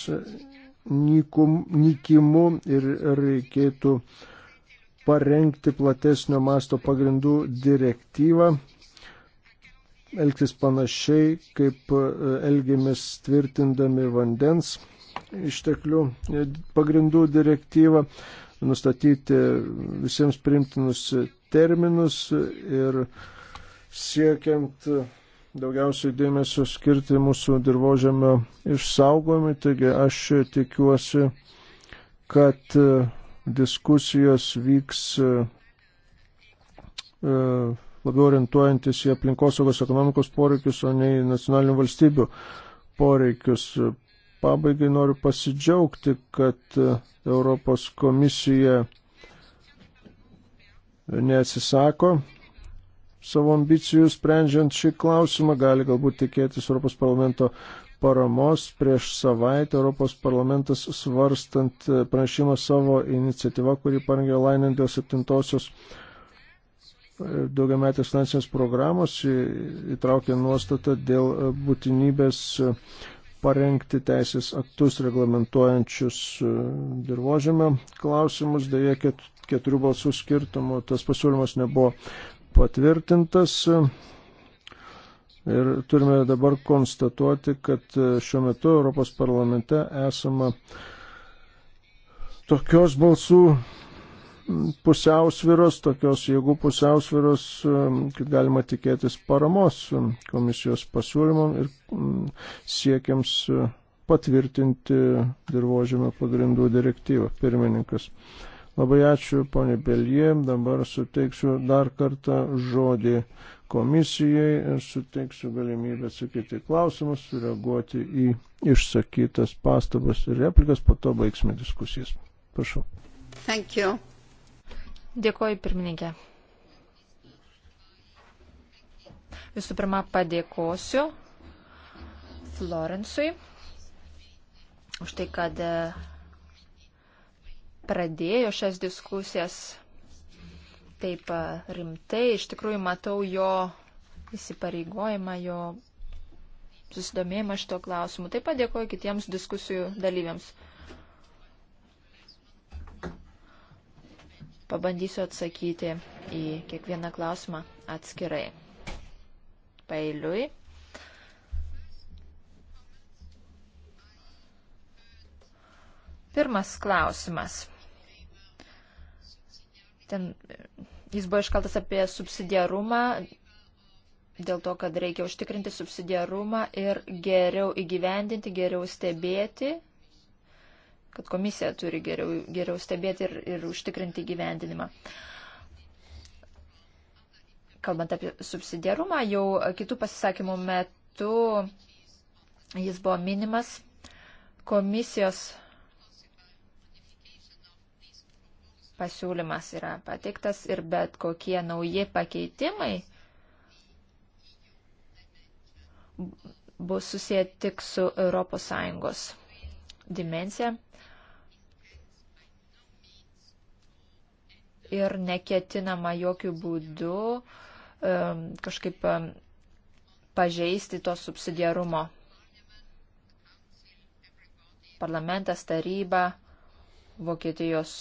[SPEAKER 4] nykimu ir reikėtų uh, parengti platesnio masto pagrindų direktyvą, elgtis panašiai, kaip e, elgėmės tvirtindami vandens išteklių e, pagrindų direktyvą, nustatyti visiems primtinus terminus ir siekiant daugiausiai dėmesio skirti mūsų dirbožėmio išsaugojimui. Taigi aš tikiuosi, kad diskusijos vyks e, e, labiau orientuojantis į aplinkosaugos ekonomikos poreikius, o ne į nacionalinių valstybių poreikius. Pabaigai noriu pasidžiaugti, kad e, Europos komisija neatsisako savo ambicijų sprendžiant šį klausimą, gali galbūt tikėtis Europos parlamento paramos prieš savaitę Europos parlamentas svarstant pranešimą savo iniciatyvą, kurį parengė Lainin dėl septintosios e, daugiametės finansinės programos įtraukė nuostatą dėl būtinybės parengti teisės aktus reglamentuojančius e, dirbožėmio klausimus. Deja, keturių balsų skirtumų tas pasiūlymas nebuvo patvirtintas. Ir turime dabar konstatuoti, kad e, šiuo metu Europos parlamente esama tokios balsų pusiausviros, tokios jėgų pusiausviros, e, kad galima tikėtis paramos e, komisijos pasiūlymam ir siekiams patvirtinti dirbožėmio pagrindų direktyvą. Pirmininkas. Labai ačiū, ponė Belie. Dabar suteiksiu dar kartą žodį komisijai ir suteiksiu galimybę atsakyti klausimus, sureaguoti į išsakytas pastabas ir replikas, po to baigsime diskusijas. Prašau.
[SPEAKER 3] Thank you. Dėkoju, pirmininkė. Visų pirma, padėkosiu Florencui už tai, kad e, pradėjo šias diskusijas taip rimtai, iš tikrųjų matau jo įsipareigojimą, jo susidomėjimą šito klausimu. Taip pat dėkoju kitiems diskusijų dalyviams. Pabandysiu atsakyti į kiekvieną klausimą atskirai. Pailiui. Pirmas klausimas. Ten Jis buvo iškaltas apie subsidiarumą, dėl to, kad reikia užtikrinti subsidiarumą ir geriau įgyvendinti, geriau stebėti, kad komisija turi geriau, geriau stebėti ir, ir užtikrinti įgyvendinimą. Kalbant apie subsidiarumą, jau kitų pasisakymų metu jis buvo minimas komisijos pasiūlymas yra pateiktas ir bet kokie nauji pakeitimai bus susiję tik su ES dimencija ir neketinama jokių būdų kažkaip pažeisti to subsidiarumo. Parlamentas, taryba, Vokietijos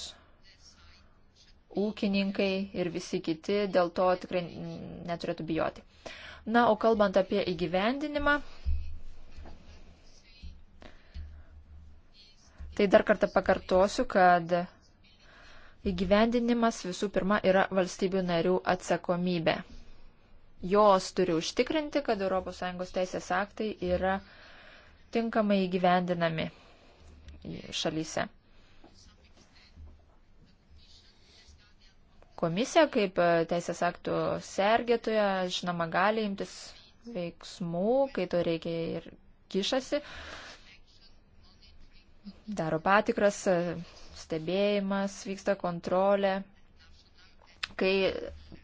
[SPEAKER 3] ūkininkai ir visi kiti dėl to tikrai neturėtų bijoti. Na, o kalbant apie įgyvendinimą, tai dar kartą pakartosiu, kad įgyvendinimas visų pirma yra valstybių narių atsakomybė. Jos turi užtikrinti, kad ES teisės aktai yra tinkamai įgyvendinami šalyse. Komisija kaip e, teisės aktų sergėtoja, žinoma, gali imtis veiksmų, kai to reikia ir kišasi, daro patikras, e, stebėjimas, vyksta kontrolė, kai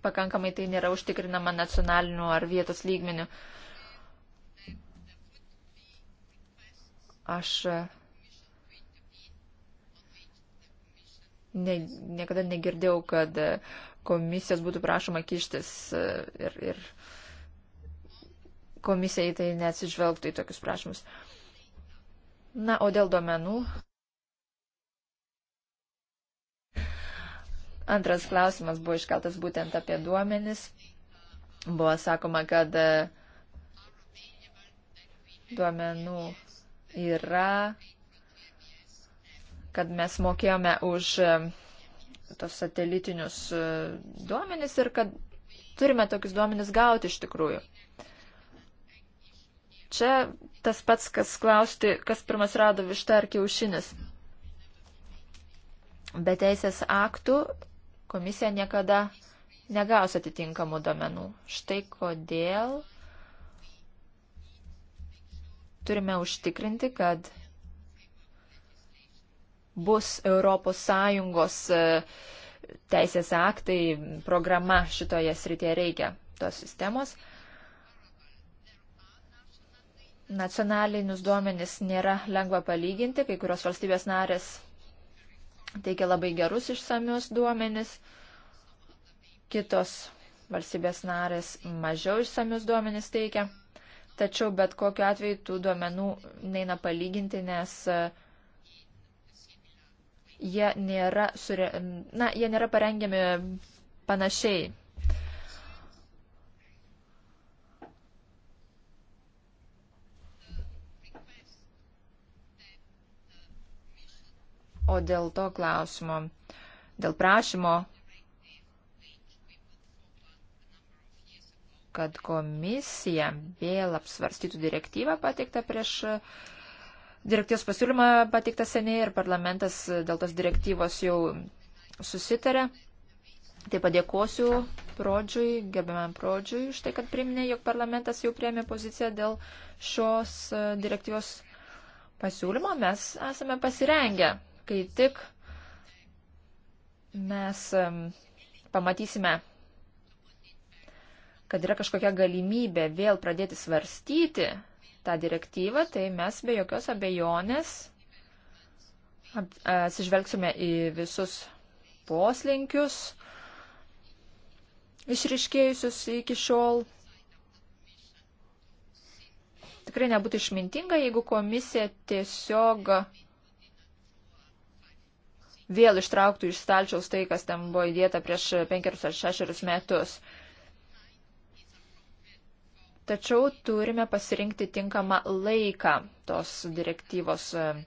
[SPEAKER 3] pakankamai tai nėra užtikrinama nacionaliniu ar vietos lygmeniu. Aš e, ne, niekada negirdėjau, kad e, komisijos būtų prašoma kištis e, ir, ir komisija į tai neatsižvelgtų į tokius prašymus. Na, o dėl duomenų. Antras klausimas buvo iškeltas būtent apie duomenis. Buvo sakoma, kad e, duomenų yra kad mes mokėjome už e, tos satelitinius e, duomenis ir kad turime tokius duomenis gauti iš tikrųjų. Čia tas pats, kas klausti, kas pirmas rado višta ar kiaušinis. Be teisės aktų komisija niekada negaus atitinkamų domenų. Štai kodėl turime užtikrinti, kad bus ES e, teisės aktai, programa šitoje srityje reikia tos sistemos. Nacionalinius duomenis nėra lengva palyginti, kai kurios valstybės narės teikia labai gerus išsamius duomenis, kitos valstybės narės mažiau išsamius duomenis teikia. Tačiau bet kokiu atveju tų duomenų neina palyginti, nes uh, jie nėra, sure, na, jie nėra parengiami panašiai. O dėl to klausimo, dėl prašymo, kad komisija vėl apsvarstytų direktyvą pateiktą prieš direktyvos pasiūlymą pateiktą seniai ir parlamentas dėl tos direktyvos jau susitarė. Tai padėkosiu Prodžiui, gerbiamam Prodžiui, už tai, kad priminė, jog parlamentas jau priemė poziciją dėl šios e, direktyvos pasiūlymo. Mes esame pasirengę, kai tik mes e, pamatysime, kad yra kažkokia galimybė vėl pradėti svarstyti tą direktyvą, tai mes be jokios abejonės atsižvelgsime į visus poslinkius išriškėjusius iki šiol. Tikrai nebūtų išmintinga, jeigu komisija tiesiog vėl ištrauktų iš stalčiaus tai, kas ten buvo įdėta prieš penkerius ar šešerius metus. Tačiau turime pasirinkti tinkamą laiką tos direktyvos e,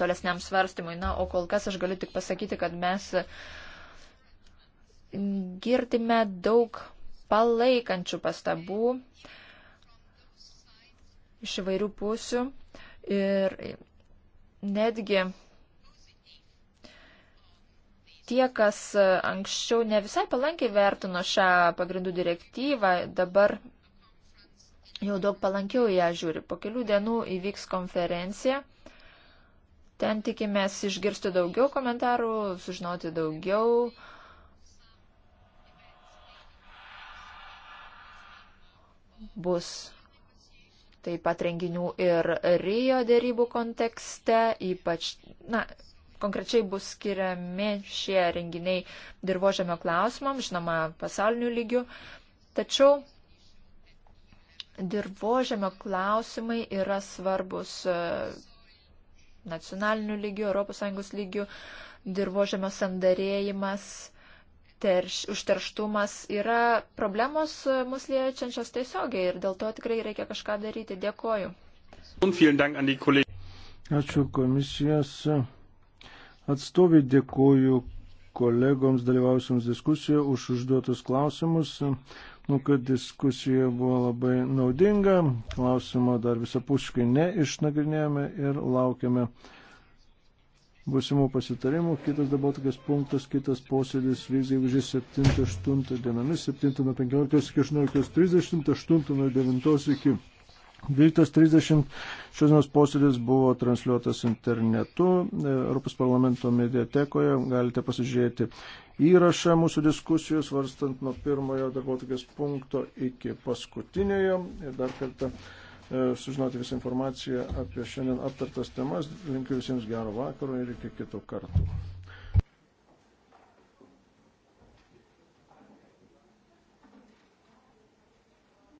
[SPEAKER 3] tolesniam svarstymui. Na, o kol kas aš galiu tik pasakyti, kad mes girdime daug palaikančių pastabų iš įvairių pusių ir netgi tie, kas anksčiau ne visai palankiai vertino šią pagrindų direktyvą, dabar jau daug palankiau ją žiūri. Po kelių dienų įvyks konferencija. Ten tikimės išgirsti daugiau komentarų, sužinoti daugiau. Bus taip pat renginių ir Rio dėrybų kontekste, ypač, na, konkrečiai bus skiriami šie renginiai dirbožėmio klausimam, žinoma, pasauliniu lygiu. Tačiau dirbožėmio klausimai yra svarbus e, nacionaliniu lygiu, ES lygiu, dirbožėmio sandarėjimas, terš, užterštumas yra problemos e, mus liečiančios tiesiogiai ir dėl to tikrai reikia kažką daryti. Dėkoju.
[SPEAKER 4] Ačiū komisijos atstovai, dėkoju kolegoms dalyvausiams diskusijoje už užduotus klausimus. Nu, kad diskusija buvo labai naudinga, klausimo dar visapuškai neišnagrinėjome ir laukiame būsimų pasitarimų. Kitas dabar tokias punktas, kitas posėdis vyks gegužės 7-8 dienomis, 7 nuo 15 iki 18.30, 8 nuo 9 iki 12.30. Šios dienos posėdis buvo transliuotas internetu, Europos parlamento mediatekoje, galite pasižiūrėti įrašą mūsų diskusijų, svarstant nuo pirmojo darbotokės punkto iki paskutiniojo. Ir dar kartą e, sužinoti visą informaciją apie šiandien aptartas temas. Linkiu visiems gero vakaro ir iki kitų kartų.